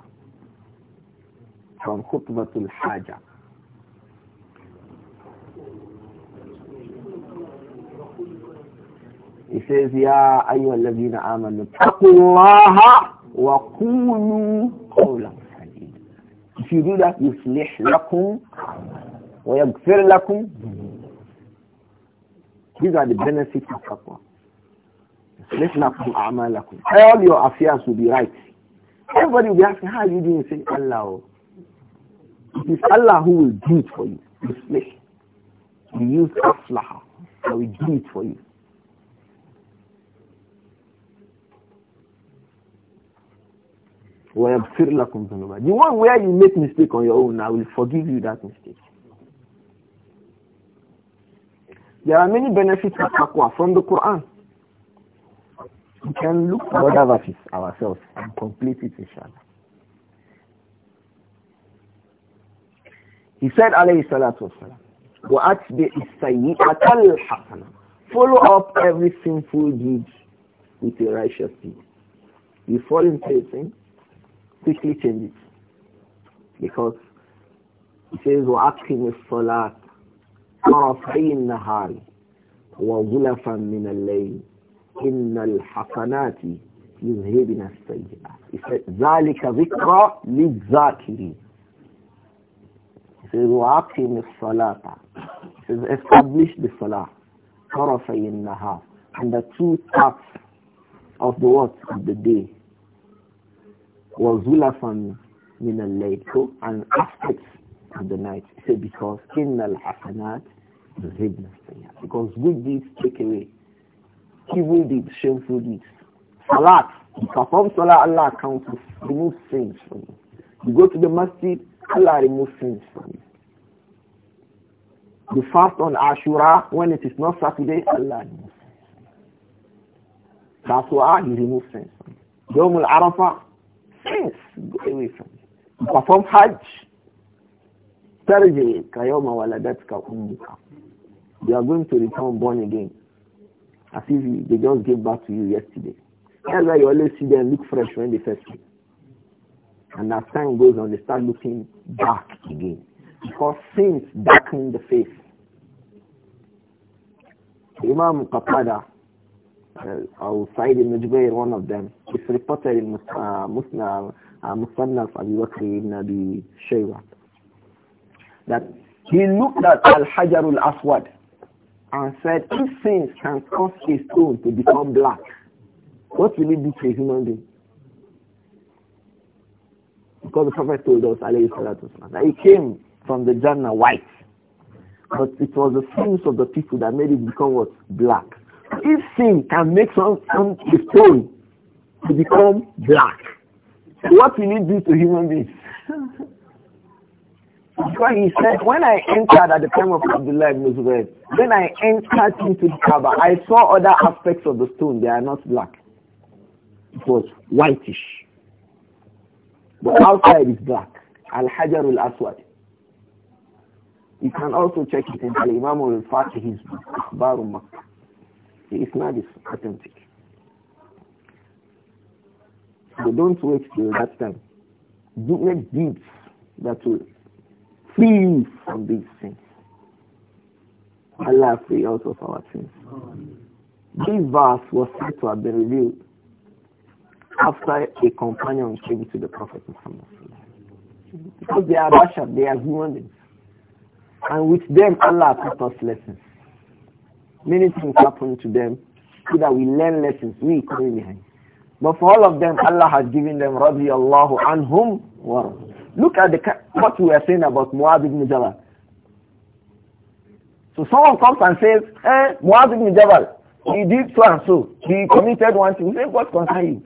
From Khutbatul Hajjah. He says, يا أيها الذين آمنوا اتقوا الله وقولوا قولا سديدا. If you do that, يصلح لكم ويغفر لكم. These are the benefits of taqwa. All your affairs will be right. Everybody will be asking, how are you doing? Say, Allah. Oh. It is Allah who will do it for you. Display. We use aslaha. I will do it for you. The one where you make mistake on your own, I will forgive you that mistake. There are many benefits of taqwa from the Quran. We can look for other verses ourselves and complete it inshallah. He said alayhi salatu wasalam, Follow up every sinful deed with a righteous deed. You fall into a sin, quickly change it. Because he says, وَأَقِمِ الصَّلَاةَ طَرَفَيِ النَّهَارِ وَظُلَفًا مِنَ اللَّيْلِ إن الحسنات يذهبن السيئات ذلك ذكرى للذاكرين says وَعَقِمِ الصَّلَاةَ says establish the salah the النهار and the two parts of the what of the day al-Layl, so and aspects of the night he because إِنَّ الْحَسَنَاتِ يُذْهِبْنَ السَّيِّئَاتِ because with this take away evil deeds, shameful deeds. Salat, you perform salah, Allah counts, removes sins from you. You go to the masjid, Allah removes sins from you. You fast on Ashura, when it is not Saturday, Allah removes sins. That's why He removes sins from you. Yom al-Arafah, sins, go away from you. You perform Hajj, ترجع كيوم ولدتك أمك. You are going to return born again. As if they just gave back to you yesterday. That's why you always see them look fresh when they first came. And as time goes on, they start looking dark again. Because sins darken the face. Imam Qatada, or uh, Sa'id ibn one of them, is reported in uh, Musnaf uh, Abi Bakr ibn Abi Shaywa that he looked at Al-Hajar al-Aswad and said, if sins can cause a stone to become black, what will it do to a human being? Because the Prophet told us, والسلام, that he came from the Jannah white. But it was the sins of the people that made it become what? Black. If sin can make some, some stone to become black, what will it do to human beings? Because he said, when I entered at the time of Abdullah ibn Zubayr, when I entered into the Kaaba, I saw other aspects of the stone. They are not black. It was whitish. The outside is black. Al-Hajar al-Aswad. You can also check it in Al-Imam al-Fatih, his book, Makkah. It's not authentic. So don't wait till that time. Do make deeds that will free from these things, Allah free us of our sins. This verse was said to have been revealed after a companion came to the Prophet Muhammad. Because they are bashar, they are human beings. And with them, Allah taught us lessons. Many things happen to them so that we learn lessons, we coming behind. But for all of them, Allah has given them, radiallahu anhum wa Look at the, what we were saying about Muad ibn Jabal. So someone comes and says, eh, Muad ibn Jabal, he did so and so. He committed one thing. say, what concern you?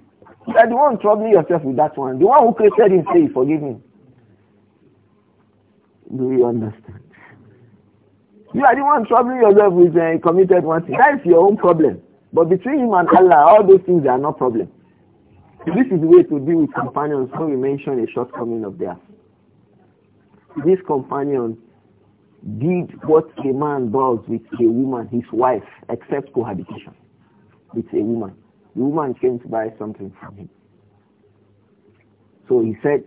You are the one troubling yourself with that one. The one who created him say, forgive me. Do you understand? You are the one troubling yourself with uh, committed one thing. That is your own problem. But between him and Allah, all those things are no problem. This is the way to deal with companions when we mention a shortcoming of theirs. This companion did what a man does with a woman, his wife, except cohabitation with a woman. The woman came to buy something from him. So he said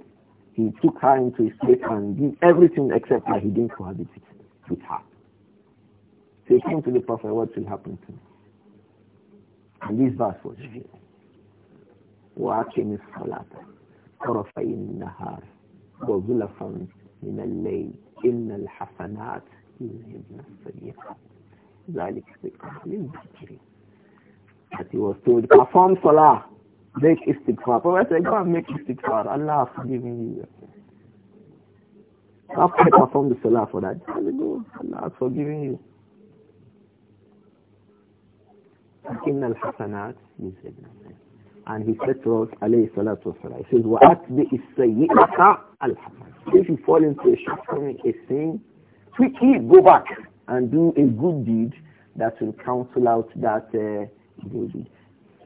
he took her into his place and did everything except that he didn't cohabit with her. So he came to the prophet, what will happen to me? And this verse was revealed. وأقم الصلاة طرفي النهار وزلفا من الليل إن الحسنات يذهبن السيئات ذلك ذكر للذاكرين That he was told, perform salah, make istighfar. i said, go and make istighfar. Allah has forgiven you. After I perform the salah for that, go, Allah has forgiven you. لكن الحسنات يذهبن السيئات and he said to us, alayhi salatu wasalam, he says, وَأَتْبِ إِسَّيِّئَةَ الْحَسَنَةَ If you fall into a shortcoming, a sin, quickly go back and do a good deed that will cancel out that uh, good deed.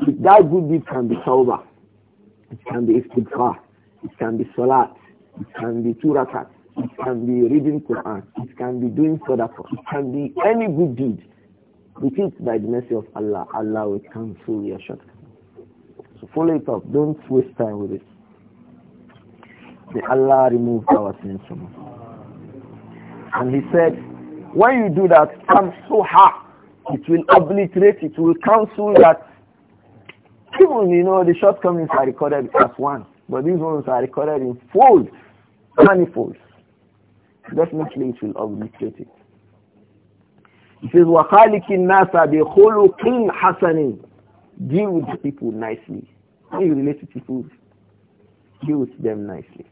If that good deed can be tawbah, it can be istighfar, it can be salat, it can be two it can be reading Quran, it can be doing sadaqah, it can be any good deed. Repeat by the mercy of Allah, Allah will cancel your shortcoming. So follow it up. Don't waste time with it. The Allah removed our sins from us. And he said, when you do that, so hard it will obliterate, it will cancel that. Even, you know, the shortcomings are recorded as one, but these ones are recorded in folds, manifolds. Definitely it will obliterate it. It says, وَخَالِكِ النَّاسَ بِخُلُقٍ حَسَنٍ Deal with the people nicely. How you relate to people, deal with them nicely.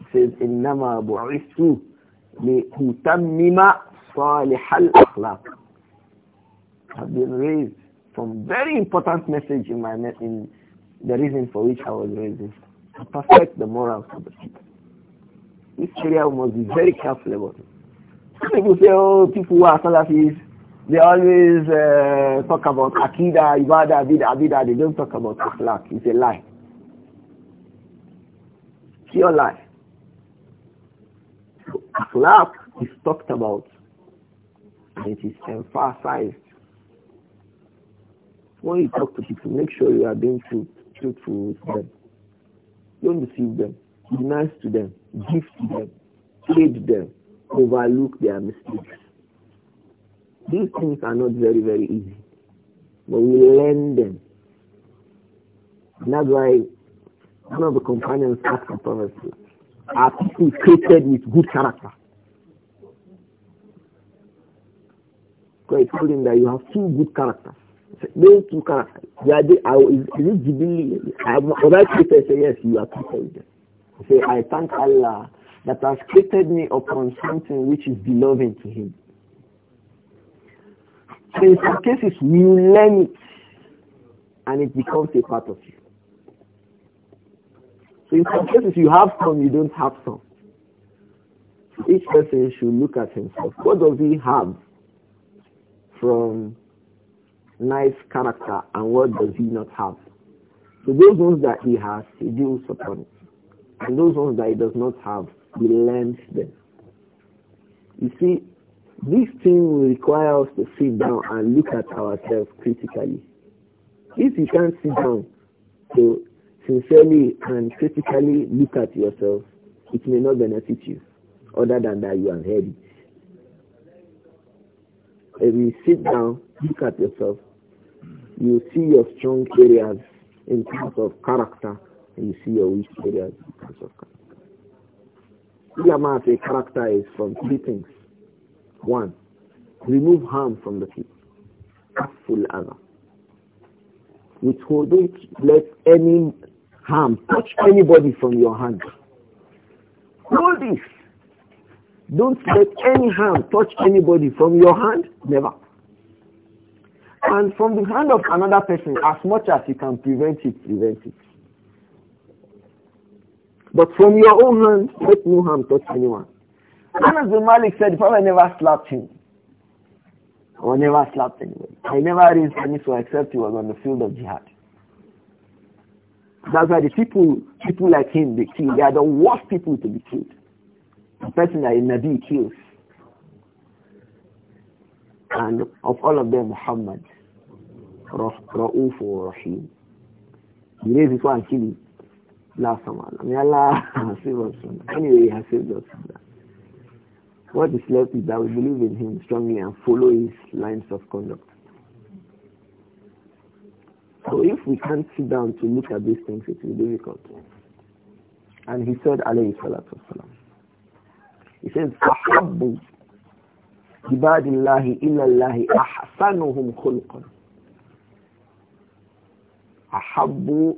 It says, إِنَّمَا بُعِثُوا لِأُتَمِّمَ صَالِحَ الْأَخْلَاقِ I've been raised from very important message in my in the reason for which I was raised to perfect the morals of the people. This area must be very careful about it. Some people say, oh, people who are Salafis, they always uh, talk about Akida, ibada, abida. They don't talk about Akhlaq. It's a lie. Pure lie. So Akhlaq is talked about and it is emphasized. When you talk to people, make sure you are being truthful with them. Don't deceive them. Be nice to them. Give to them. Aid them. Overlook their mistakes. These things are not very, very easy. But we learn them. And that's why one of the companions asked the Prophet, are people created with good character? Because he told him that you have two good characters. Those two characters. They are they, are, is, is it Jibreel? Was I created? Say, yes, you are created. Say, I thank Allah that has created me upon something which is beloved to him. So in some cases, you learn it and it becomes a part of you. So in some cases, you have some, you don't have some. Each person should look at himself. What does he have from nice character and what does he not have? So those ones that he has, he builds upon it. And those ones that he does not have, he learns them. You see, this thing will require us to sit down and look at ourselves critically. If you can't sit down to sincerely and critically look at yourself, it may not benefit you, other than that you are heavy. If you sit down, look at yourself, you see your strong areas in terms of character, and you see your weak areas in terms of character. Ulama say character is from three things. One, remove harm from the people. Full other. don't let any harm touch anybody from your hand. Hold this. Don't let any harm touch anybody from your hand. Never. And from the hand of another person, as much as you can prevent it, prevent it. But from your own hand, let no harm touch anyone. Anas bin Malik said the Prophet never slapped him. Or never slapped anybody. I never raised any so except he was on the field of jihad. That's why the people, people like him, they kill. They are the worst people to be killed. The person that Nabi kills. And of all of them, Muhammad, Ra'uf or Rahim. He raised his one him last summer. May Allah save us from Anyway, he has saved us from that. What is left is that we believe in him strongly and follow his lines of conduct. So if we can't sit down to look at these things, it will be difficult. And he said, alayhi salatu wasalam. He says, أَحَبُّ عِبَادِ اللَّهِ إِلَّا اللَّهِ أَحْسَنُهُمْ خُلْقًا أَحَبُّ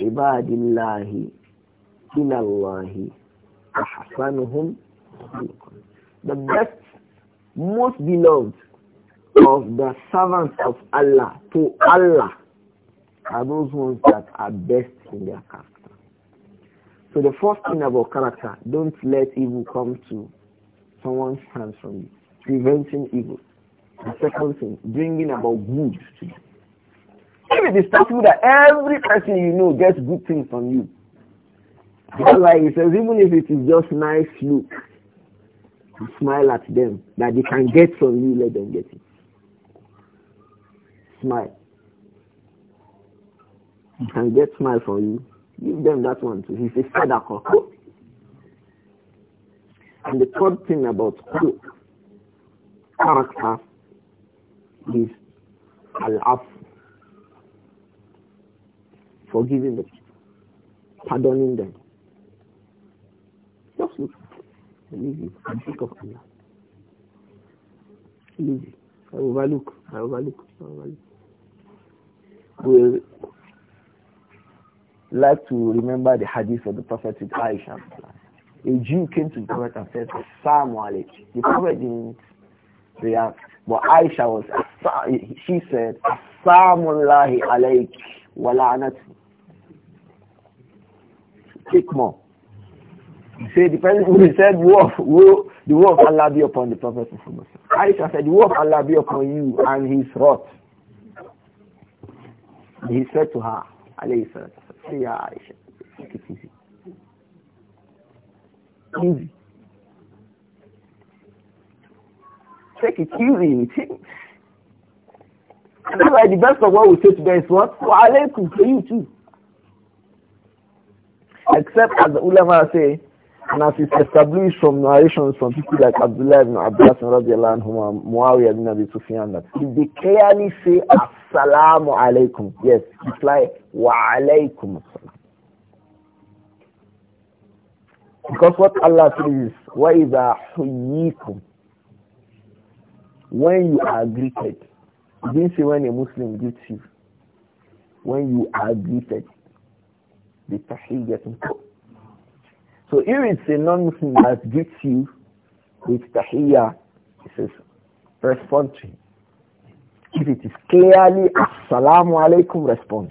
عِبَادِ اللَّهِ إِلَى اللَّهِ أَحْسَنُهُمْ the best, most beloved of the servants of Allah to Allah are those ones that are best in their character. So the first thing about character, don't let evil come to someone's hands from you. Preventing evil. The second thing, bringing about good to you. If it is possible that every person you know gets good things from you, that's like it says, even if it is just nice look, and smile at them that they can get from you, let them get it. Smile. You can get smile from you. Give them that one too. He says, Sadaqah. And the third thing about character is al forgiving them, pardoning them. Easy. I the of Allah. Easy. I overlook. I overlook. I overlook. We like to remember the hadith of the Prophet with Aisha. A Jew came to the Prophet and said, Assalamu alaikum. The Prophet didn't react. But Aisha was, she said, Assalamu alaikum wa la'anatu. Take more. He said, depending who said, woe, woe, the woe of Allah be upon the Prophet Muhammad. Aisha said, the woe of Allah be upon you and his wrath. He said to her, alayhi salatu say, yeah, Aisha, take it easy. Easy. Take it easy with him. That's why the best of what we say today is what? Wa alaykum, for you too. Except as the ulama say, and as established from narrations from people like Abdullah ibn Abbas and Radiallahu anhu, Muawiyah ibn Abi Sufyan, that if they clearly say, Assalamu alaikum, yes, it's like, Wa alaikum assalam. Because what Allah says is, وَإِذَا حُيِّيكُمْ When you are greeted, you didn't say when a Muslim greets you. When you are greeted, the tahiyyatun so if it's a non-Muslim that greets you with tahiyya, he says, respond to him. If it is clearly assalamu alaikum, respond.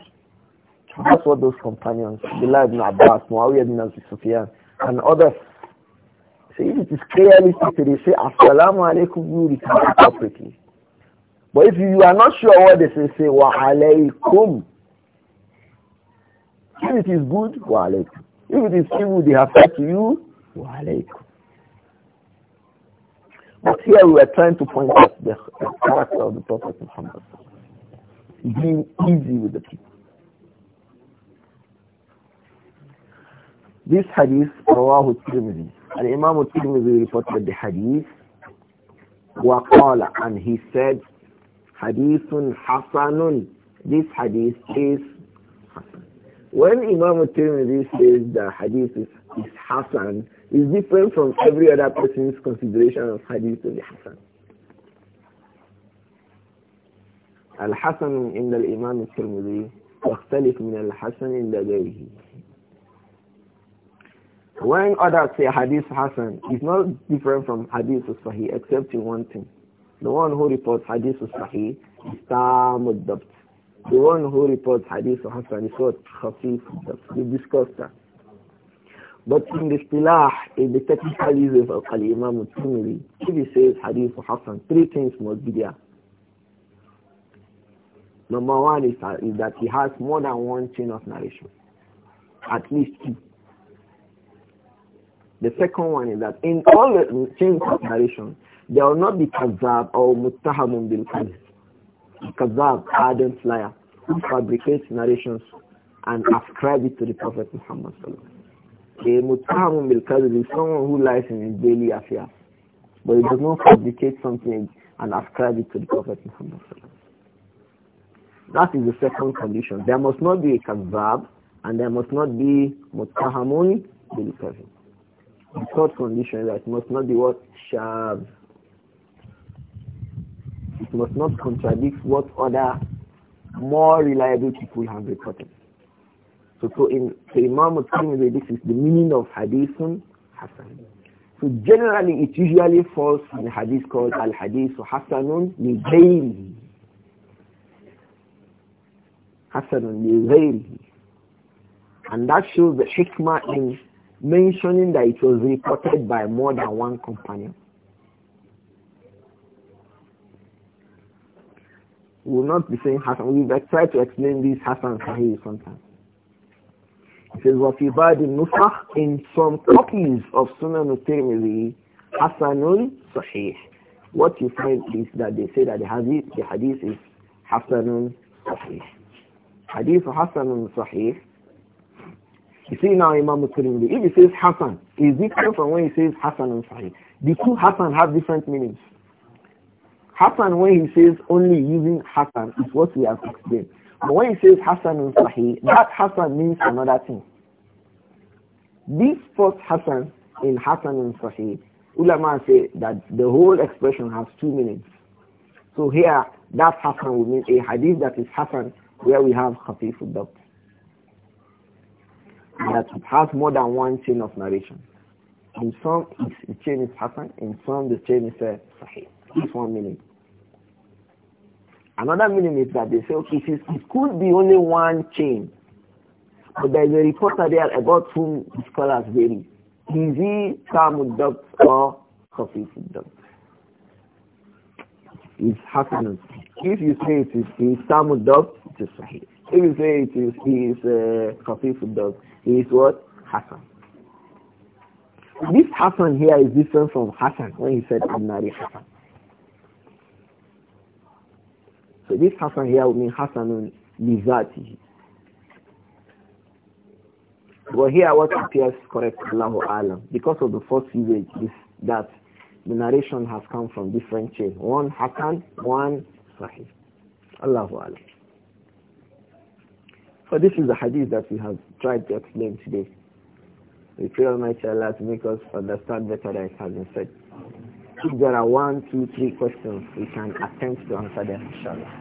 That's what those companions, Bilal ibn Abbas, Muawiyah ibn Abi Sufyan, and others, say if it is clearly stated, they say assalamu alaikum, you respond appropriately. But if you are not sure what they say, say wa alaikum. If it is good, wa alaikum. If it is evil they have said to you, But here we are trying to point out the character of the Prophet Muhammad. Being easy with the people. This hadith, Rawahu Tirmidhi. And Imam Tirmidhi reported the hadith, وقال, and he said, Hadithun Hasanun. This hadith is when Imam Tirmidhi says that hadith is, is Hassan, is different from every other person's consideration of hadith to be Hassan. الحسن عند الإمام الترمذي يختلف من الحسن عند غيره When others say hadith Hassan, it's not different from hadith Sahih except in one thing. The one who reports hadith Sahih is Tamud Dabt. The one who reports hadith or Hassan is what? Khafif. We discussed that. But in the istilah, in the technical use of Al-Imam if he says hadith or Hassan, three things must be there. Number one is, uh, is that he has more than one chain of narration. At least two. The second one is that in all the chains of narration, there will not be kazab or muttahamun bil -qadr. Kazab, ardent liar, who fabricates narrations and ascribes it to the Prophet Muhammad A mutahamun bil kadhib is someone who lies in his daily affairs, but he does not fabricate something and ascribe it to the Prophet Muhammad That is the second condition. There must not be a kazab and there must not be mutahamun bil kadhib. The third condition is that it must not be what? Shab must not contradict what other more reliable people have reported. So, so in the Imam al-Tirmidhi, this is the meaning of hadithun Hassan. So generally, it usually falls in a hadith called al-hadith So Hassanun ghayrihi. Hassanun li And that shows the hikmah in mentioning that it was reported by more than one companion. We will not be saying Hassan. We will try to explain this Hassan Sahih sometimes. It says, buy بَعْدِ النُّسَخ In some copies of Sunan al-Tirmidhi, Hassanul Sahih. What you find is that they say that the hadith, the hadith is Hassanun Sahih. Hadith Hassanun Sahih. You see now Imam al-Tirmidhi, if he says Hassan, it different from when he says Hassanun sahih The two Hassan have different meanings. Hassan, when he says only using Hassan, is what we have explained. But when he says Hassan and Sahih, that Hassan means another thing. This first Hassan in Hassan and Sahih, ulama say that the whole expression has two meanings. So here, that Hassan will mean a hadith that is Hassan, where we have Khafif al That it has more than one chain of narration. In some, the chain is Hassan, in some, the chain is uh, Sahih. This one meaning. Another meaning is that they say, okay, it could be only one chain. But there is a reporter there about whom the scholars vary. Is he Talmud or Hafiz Dubt? It's happening. If you say it is he it is Sahih. If you say it is he is uh, Hafiz it is what? Hassan. This Hassan here is different from Hassan when he said Amnari Hassan. So this Hassan here would mean Hassanun Lizati. But here what appears correct, Allahu Alam, because of the first usage is that the narration has come from different chains. One Hasan, one Sahih. Allahu Alam. So this is the hadith that we have tried to explain today. We pray Almighty Allah to make us understand better what it has been said. If there are one, two, three questions, we can attempt to answer them, inshallah.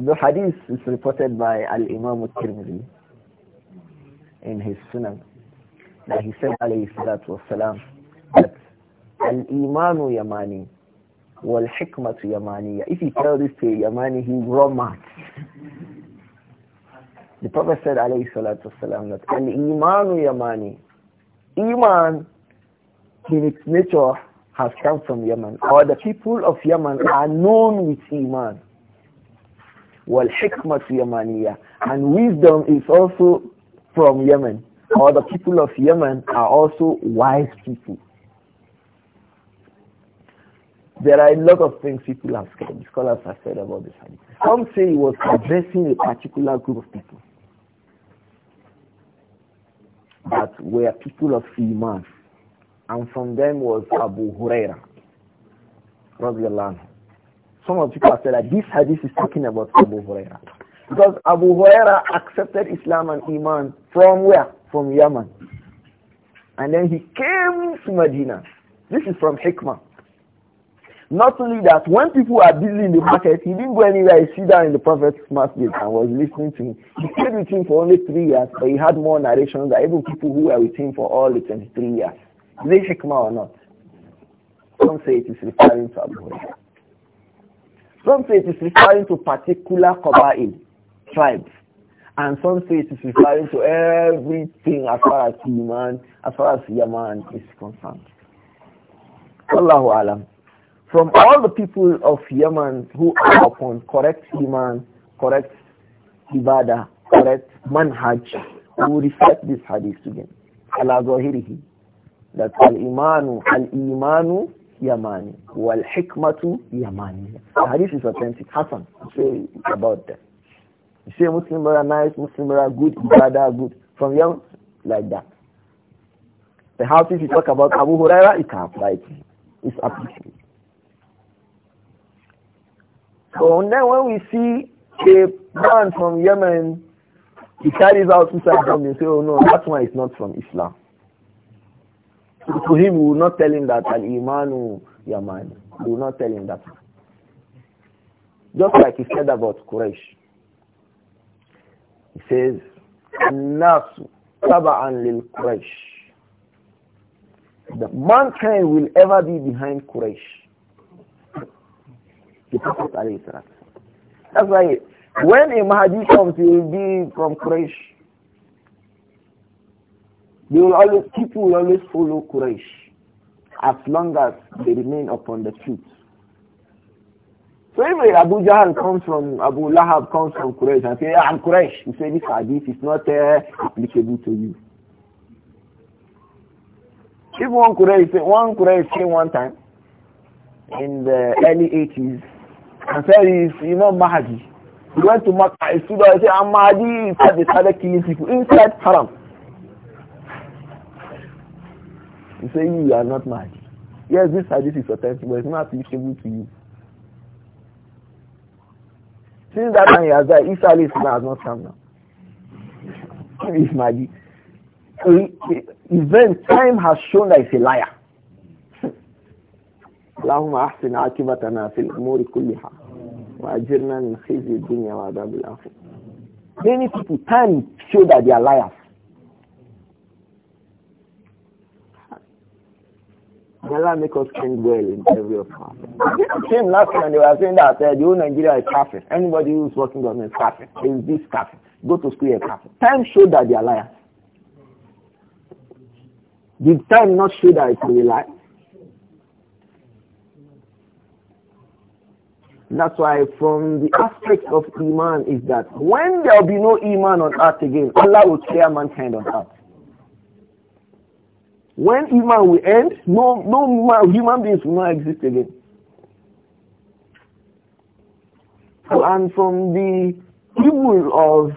The hadith is reported by Al-Imam al-Tirmidhi in his Sunan that he said alayhi salatu wasalam that Al-Imanu Yamani wal Hikmatu Yamani. If you tell this to a Yamani, he will mad. The Prophet said alayhi salatu wasalam that Al-Imanu Yamani. Iman in its nature has come from Yemen or the people of Yemen are known with Iman والحكمة يمانية and wisdom is also from Yemen or the people of Yemen are also wise people there are a lot of things people have said, scholars have said about this hadith. Some say it was addressing a particular group of people that were people of Iman, and from them was Abu Huraira, عنه some of the people have said that this hadith is talking about Abu Huraira. Because Abu Huraira accepted Islam and Iman from where? From Yemen. And then he came to Medina. This is from Hikmah. Not only that, when people are busy in the market, he didn't go anywhere. He sit down in the Prophet's masjid and was listening to him. He stayed with him for only three years, but he had more narrations than even people who were with him for all the 23 years. Is it Hikmah or not? Some say it is referring to Abu Huraira. Some say it is referring to particular Qaba'il, tribes. And some say it is referring to everything as far as Yaman, as far as Yaman is concerned. Allahu Alam. From all the people of Yemen who are upon correct Iman, correct Ibadah, correct Manhaj, who reflect this hadith to them. Ala Zahirihi. That Al-Imanu, Al-Imanu Yamani. Wal hikmatu Yamani. The hadith is authentic. Hassan, say about that. You say Muslim brother nice, Muslim brother good, brother good. From young, like that. The if you talk about Abu Huraira, it can apply to It's applicable. So now when we see a man from Yemen, he carries out suicide bombing and say, oh no, that one is not from Islam to him, we will not tell him that Al-Imanu Yamani, We will not tell him that. Just like he said about Quraysh. He says, Nasu taba'an lil Quraysh. The mankind will ever be behind Quraysh. That's why when a Mahdi comes, he will be from Quraysh. They will always, people will always follow Quraysh as long as they remain upon the truth. So anyway, Abu Jahl comes from, Abu Lahab comes from Quraysh and say, I'm Quraysh. You say this hadith is not uh, applicable to you. If one Quraysh, one Quraysh came one time in the early 80s and said, he's know Mahdi. He went to Makkah, he stood up and said, I'm Mahdi. He started killing people inside Haram. He say you are not mad. Yes, this hadith is authentic, but it's not applicable to you. Since that time he has died, Isa has not come now. It's Maggie. So event time has shown that he's a liar. اللهم احسن عاقبتنا في الامور كلها واجرنا من خزي الدنيا وعذاب Many people time show that they are liars. Allah make us end well in every of Same last time they were saying that uh, the whole Nigeria is kafir. Anybody who's working on is kafir. Is this kafir. Go to school, you kafir. Time showed that they are liars. Did time not show that it's a lie? That's why from the aspect of Iman is that when there will be no Iman on earth again, Allah will clear mankind on earth. When human will end, no, no human beings will not exist again. So, and from the evil of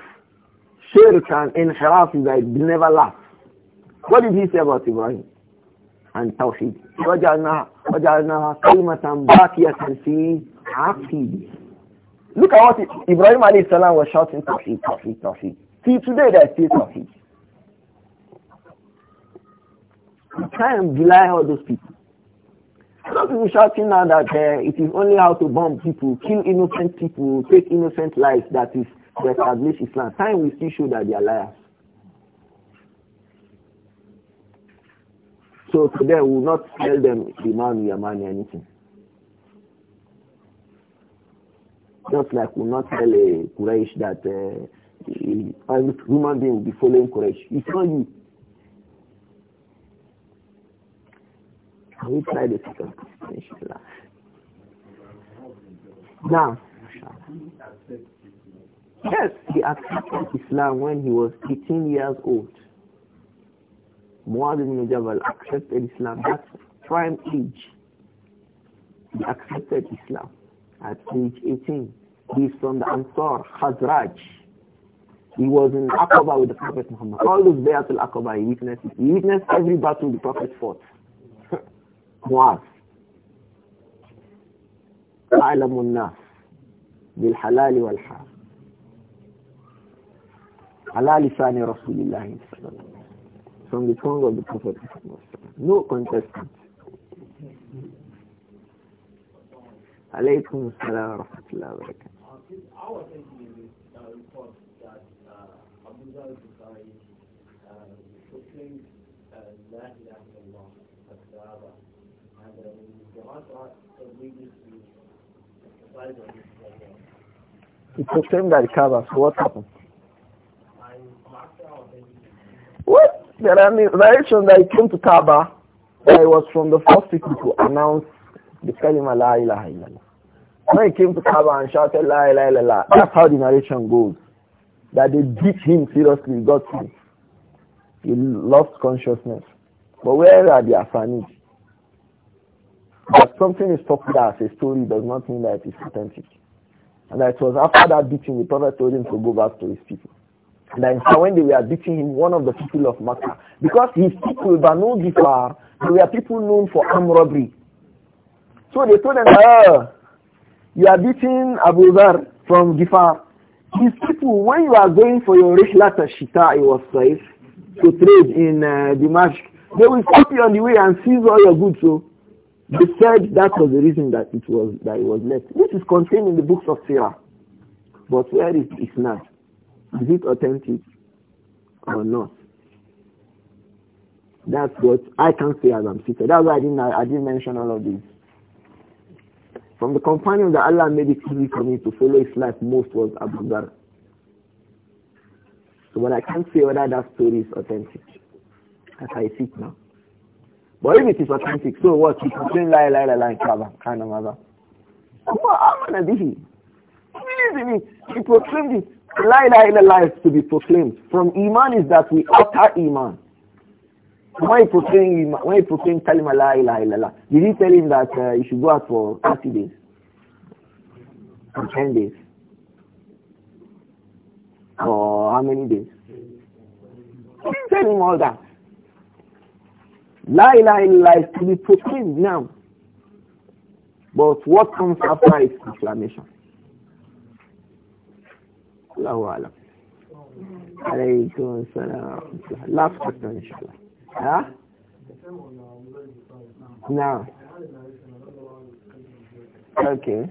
shirk and inhiraf is that it never lasts. What did he say about Ibrahim and Tawheed? وَجَعَلْنَاهَا كَلِمَةً بَاقِيَةً فِي عَقِيدِ Look at what Ibrahim alayhi salam was shouting, Tawheed, Tawheed, Tawheed. See, today there is still Tawheed. Time try and all those people. Some people shouting now that uh, it is only how to bomb people, kill innocent people, take innocent lives that is to establish Islam. Time will still show that they are liars. So today we will not tell them the your money anything. Just like we will not tell a uh, Quraysh that uh, a human being will be following Quraysh. It's not you. We try the second inshallah. Now, yes, he accepted Islam when he was 18 years old. Muad ibn Jabal accepted Islam at prime age. He accepted Islam at age 18. He's from the Ansar, Khazraj. He was in Aqaba with the Prophet Muhammad. All those battles al-Aqaba, he witnessed it. He witnessed every battle the Prophet fought. معاذ أعلم الناس بالحلال والحرام على لسان رسول الله صلى الله عليه وسلم from the tongue of the Prophet no contestant عليكم السلام ورحمة الله وبركاته that uh, It took him that cover, so what happened? What? There are narrations that he came to Kaaba, that he was from the first people to announce the kalima la ilaha illallah. When he came to Kaaba and shouted la ilaha illallah, that's how the narration goes. That they beat him seriously, got him. He lost consciousness. But where are the Asanis? That something is popular as a story does not mean that it's authentic. And that it was after that beating, the Prophet told him to go back to his people. And then so when they were beating him, one of the people of Makkah, because his people were known Gifar, they were people known for armed robbery. So they told him, oh, ah, you are beating Abu Dhar from Gifar. His people, when you are going for your Rihlat Shita, it was safe, to trade in uh, market. they will stop you on the way and seize all your goods. So they said that was the reason that it was that it was left. This is contained in the books of Sirah. But where is Isnad? Is it authentic or not? That's what I can say as I'm sitting. That's why I didn't I, didn't mention all of this. From the companion that Allah made it easy for me to follow his life most was Abu Dhar. So but I can't say whether that story is authentic. As I sit now. But if it is authentic, so what? You complain, lie, lie, lie, lie, Kaaba, kind of mother. Amana bihi. Believe in it. He proclaimed it. Lie, lie, lie, lie to be proclaimed. From Iman is that we utter Iman. When he proclaimed, when he proclaimed lie, lie, lie? illallah, did he tell him that uh, he should go out for 30 days? Or 10 days? Or how many days? He didn't tell him all that. La ilaha illallah to be proclaimed now. But what comes after is proclamation. Allahu Alaykum salam. Last question, inshallah. Huh? Now. Okay.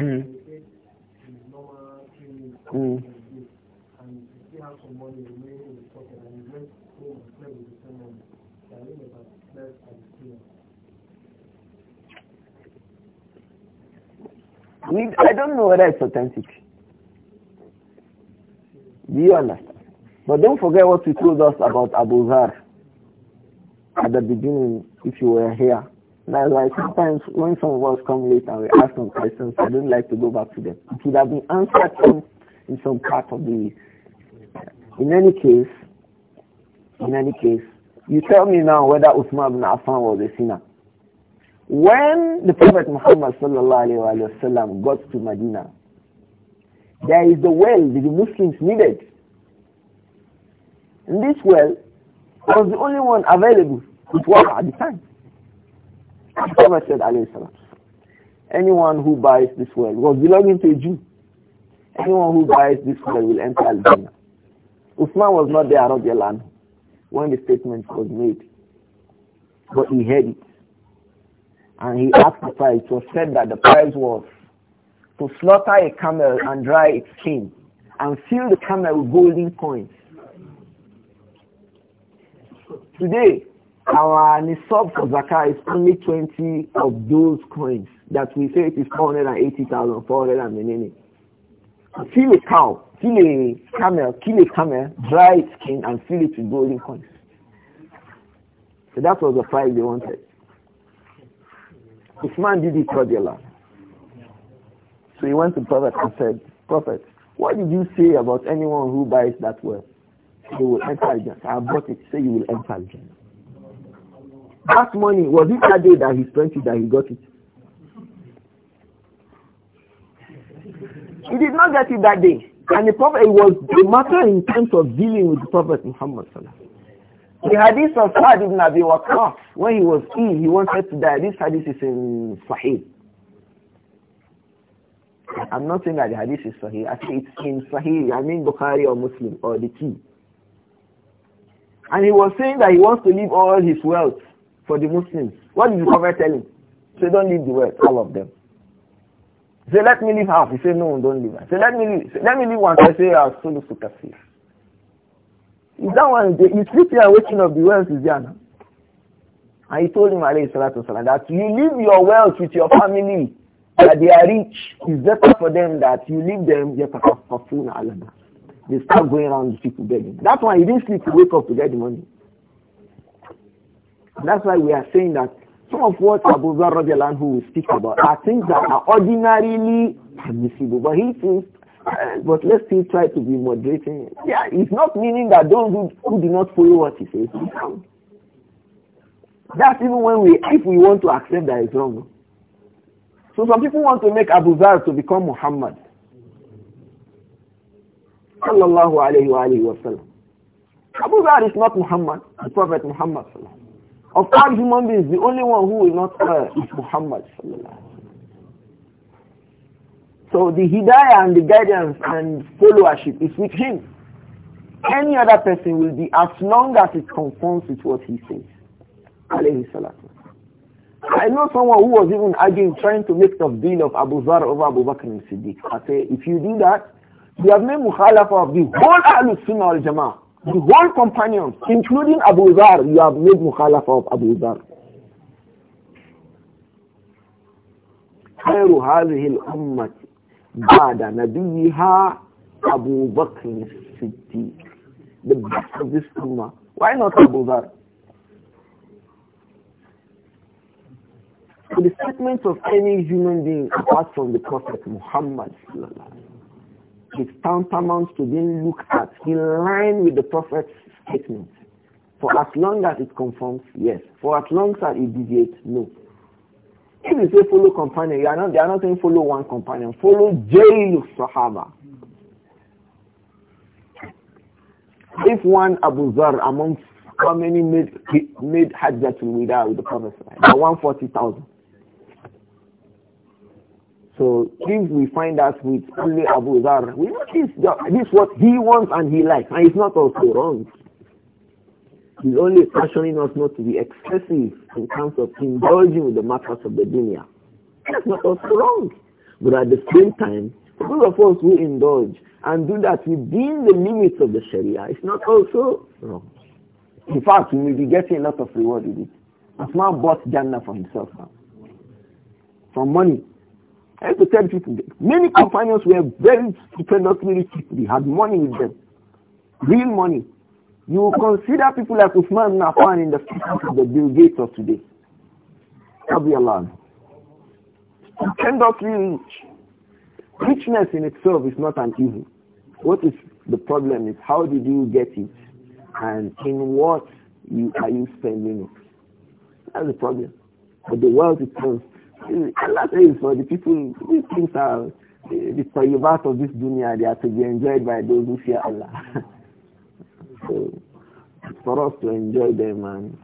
Mm. Mm. I don't know whether it's authentic. Do you understand? But don't forget what you told us about Abu Zar at the beginning if you were here. Now, like sometimes when some of us come late and we ask some questions, I don't like to go back to them. It would have been answered in some part of the in any case in any case you tell me now whether Uthman ibn Affan was a sinner when the prophet muhammad sallallahu alaihi wasallam got to medina there is the well that the muslims needed and this well was the only one available with water at the time the prophet said alayhi salam anyone who buys this well was belonging to a jew Anyone who buys this soil will enter al Usman was not there land when the statement was made. But he heard it. And he asked the price. It was said that the price was to slaughter a camel and dry its skin and fill the camel with golden coins. Today, our nisab for zakah is only 20 of those coins that we say it is 480,400 and kill a cow, kill a camel, kill a camel, dry its skin and fill it with golden coins. So that was the price they wanted. This man did it for land. So he went to Prophet and said, Prophet, what did you say about anyone who buys that well? They will enter I bought it. Say so you will enter Jannah. That money, was it that day that he spent it that he got it? He did not get it that day. And the Prophet, it was the matter in terms of dealing with the Prophet Muhammad The hadith of Sa'd ibn Abi Waqqas, when he was ill, he wanted to die. This hadith is in Sahih. I'm not saying that the hadith is Sahih. I say it's in Sahih. I mean Bukhari or Muslim or the key. And he was saying that he wants to leave all his wealth for the Muslims. What did the Prophet tell him? So don't leave the wealth, all of them. Say, let me leave half. He say, no, don't leave. say, let me leave. Say, let me leave one. I say, I'll look to kafir. If that one, you sleep here waking up, the wealth is there now. And he told him, alayhi salatu salam, that you leave your wealth with your family, that they are rich. It's better for them that you leave them, yatakafafuna alana. They start going around the people begging. That's why he didn't sleep to wake up to get the money. That's why we are saying that some of what Abu Zarr who speak about are things that are ordinarily permissible, but he thinks uh, but let's still try to be moderating. Yeah, it's not meaning that those who, who do not follow what he says is wrong. That's even when we, if we want to accept that it's wrong. So some people want to make Abu Dhar to become Muhammad. Sallallahu alayhi wa alayhi wa sallam. Abu Dhar is not Muhammad, the Prophet Muhammad sallallahu of all human beings, the only one who will not err is Muhammad. So the hidayah and the guidance and followership is with him. Any other person will be as long as it conforms with what he says. I know someone who was even arguing, trying to make the deal of Abu Zar over Abu Bakr and Siddiq. I say, if you do that, you have made mukhalafa of the whole Ahlul Sunnah al-Jama'ah. The whole companions, including Abu Dhar, you have made mukhalafa of Abu Dhar. خير هذه الأمة بعد نبيها أبو بكر الصديق the best of this ummah why not Abu Dhar so the statements of any human being apart from the Prophet Muhammad sallallahu is tantamount to being looked at in line with the Prophet's statement. For as long as it conforms, yes. For as long as it deviates, no. If you say follow companion, you are not, they are not saying follow one companion. Follow Jail Sahaba. If one Abu Zar amongst how many made, made Hajjatul Wida with the Prophet? 140,000. So if we find us with only Abu Dhar, we know this, this is what he wants and he likes, and it's not also wrong. He's only cautioning us not to be excessive in terms of indulging with the matters of the dunya. That's not also wrong. But at the same time, those of us who indulge and do that within the limits of the Sharia, it's not also wrong. In fact, we will be getting a lot of reward with it. Asman bought Jannah for himself now. From money I have to tell people many companions were very stupendously not people. They had money with them. Real money. You consider people like Usman Nafan in the figures of the Bill Gates of today. Kabbalah. Stupendously rich. Richness in itself is not an evil. What is the problem is how did you get it and in what you are you spending it. That's the problem. But the world itself Allah says for the people, these things are the tayyibat of this dunya, they are to be enjoyed by those who fear Allah. so, for us to enjoy them and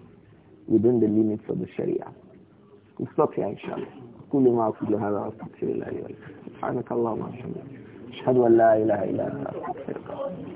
within the limits of the Sharia. We stop here, inshallah. كل ما أقول هذا أستغفر الله لي ولكم سبحانك اللهم وبحمدك أشهد أن لا إله إلا أنت أستغفرك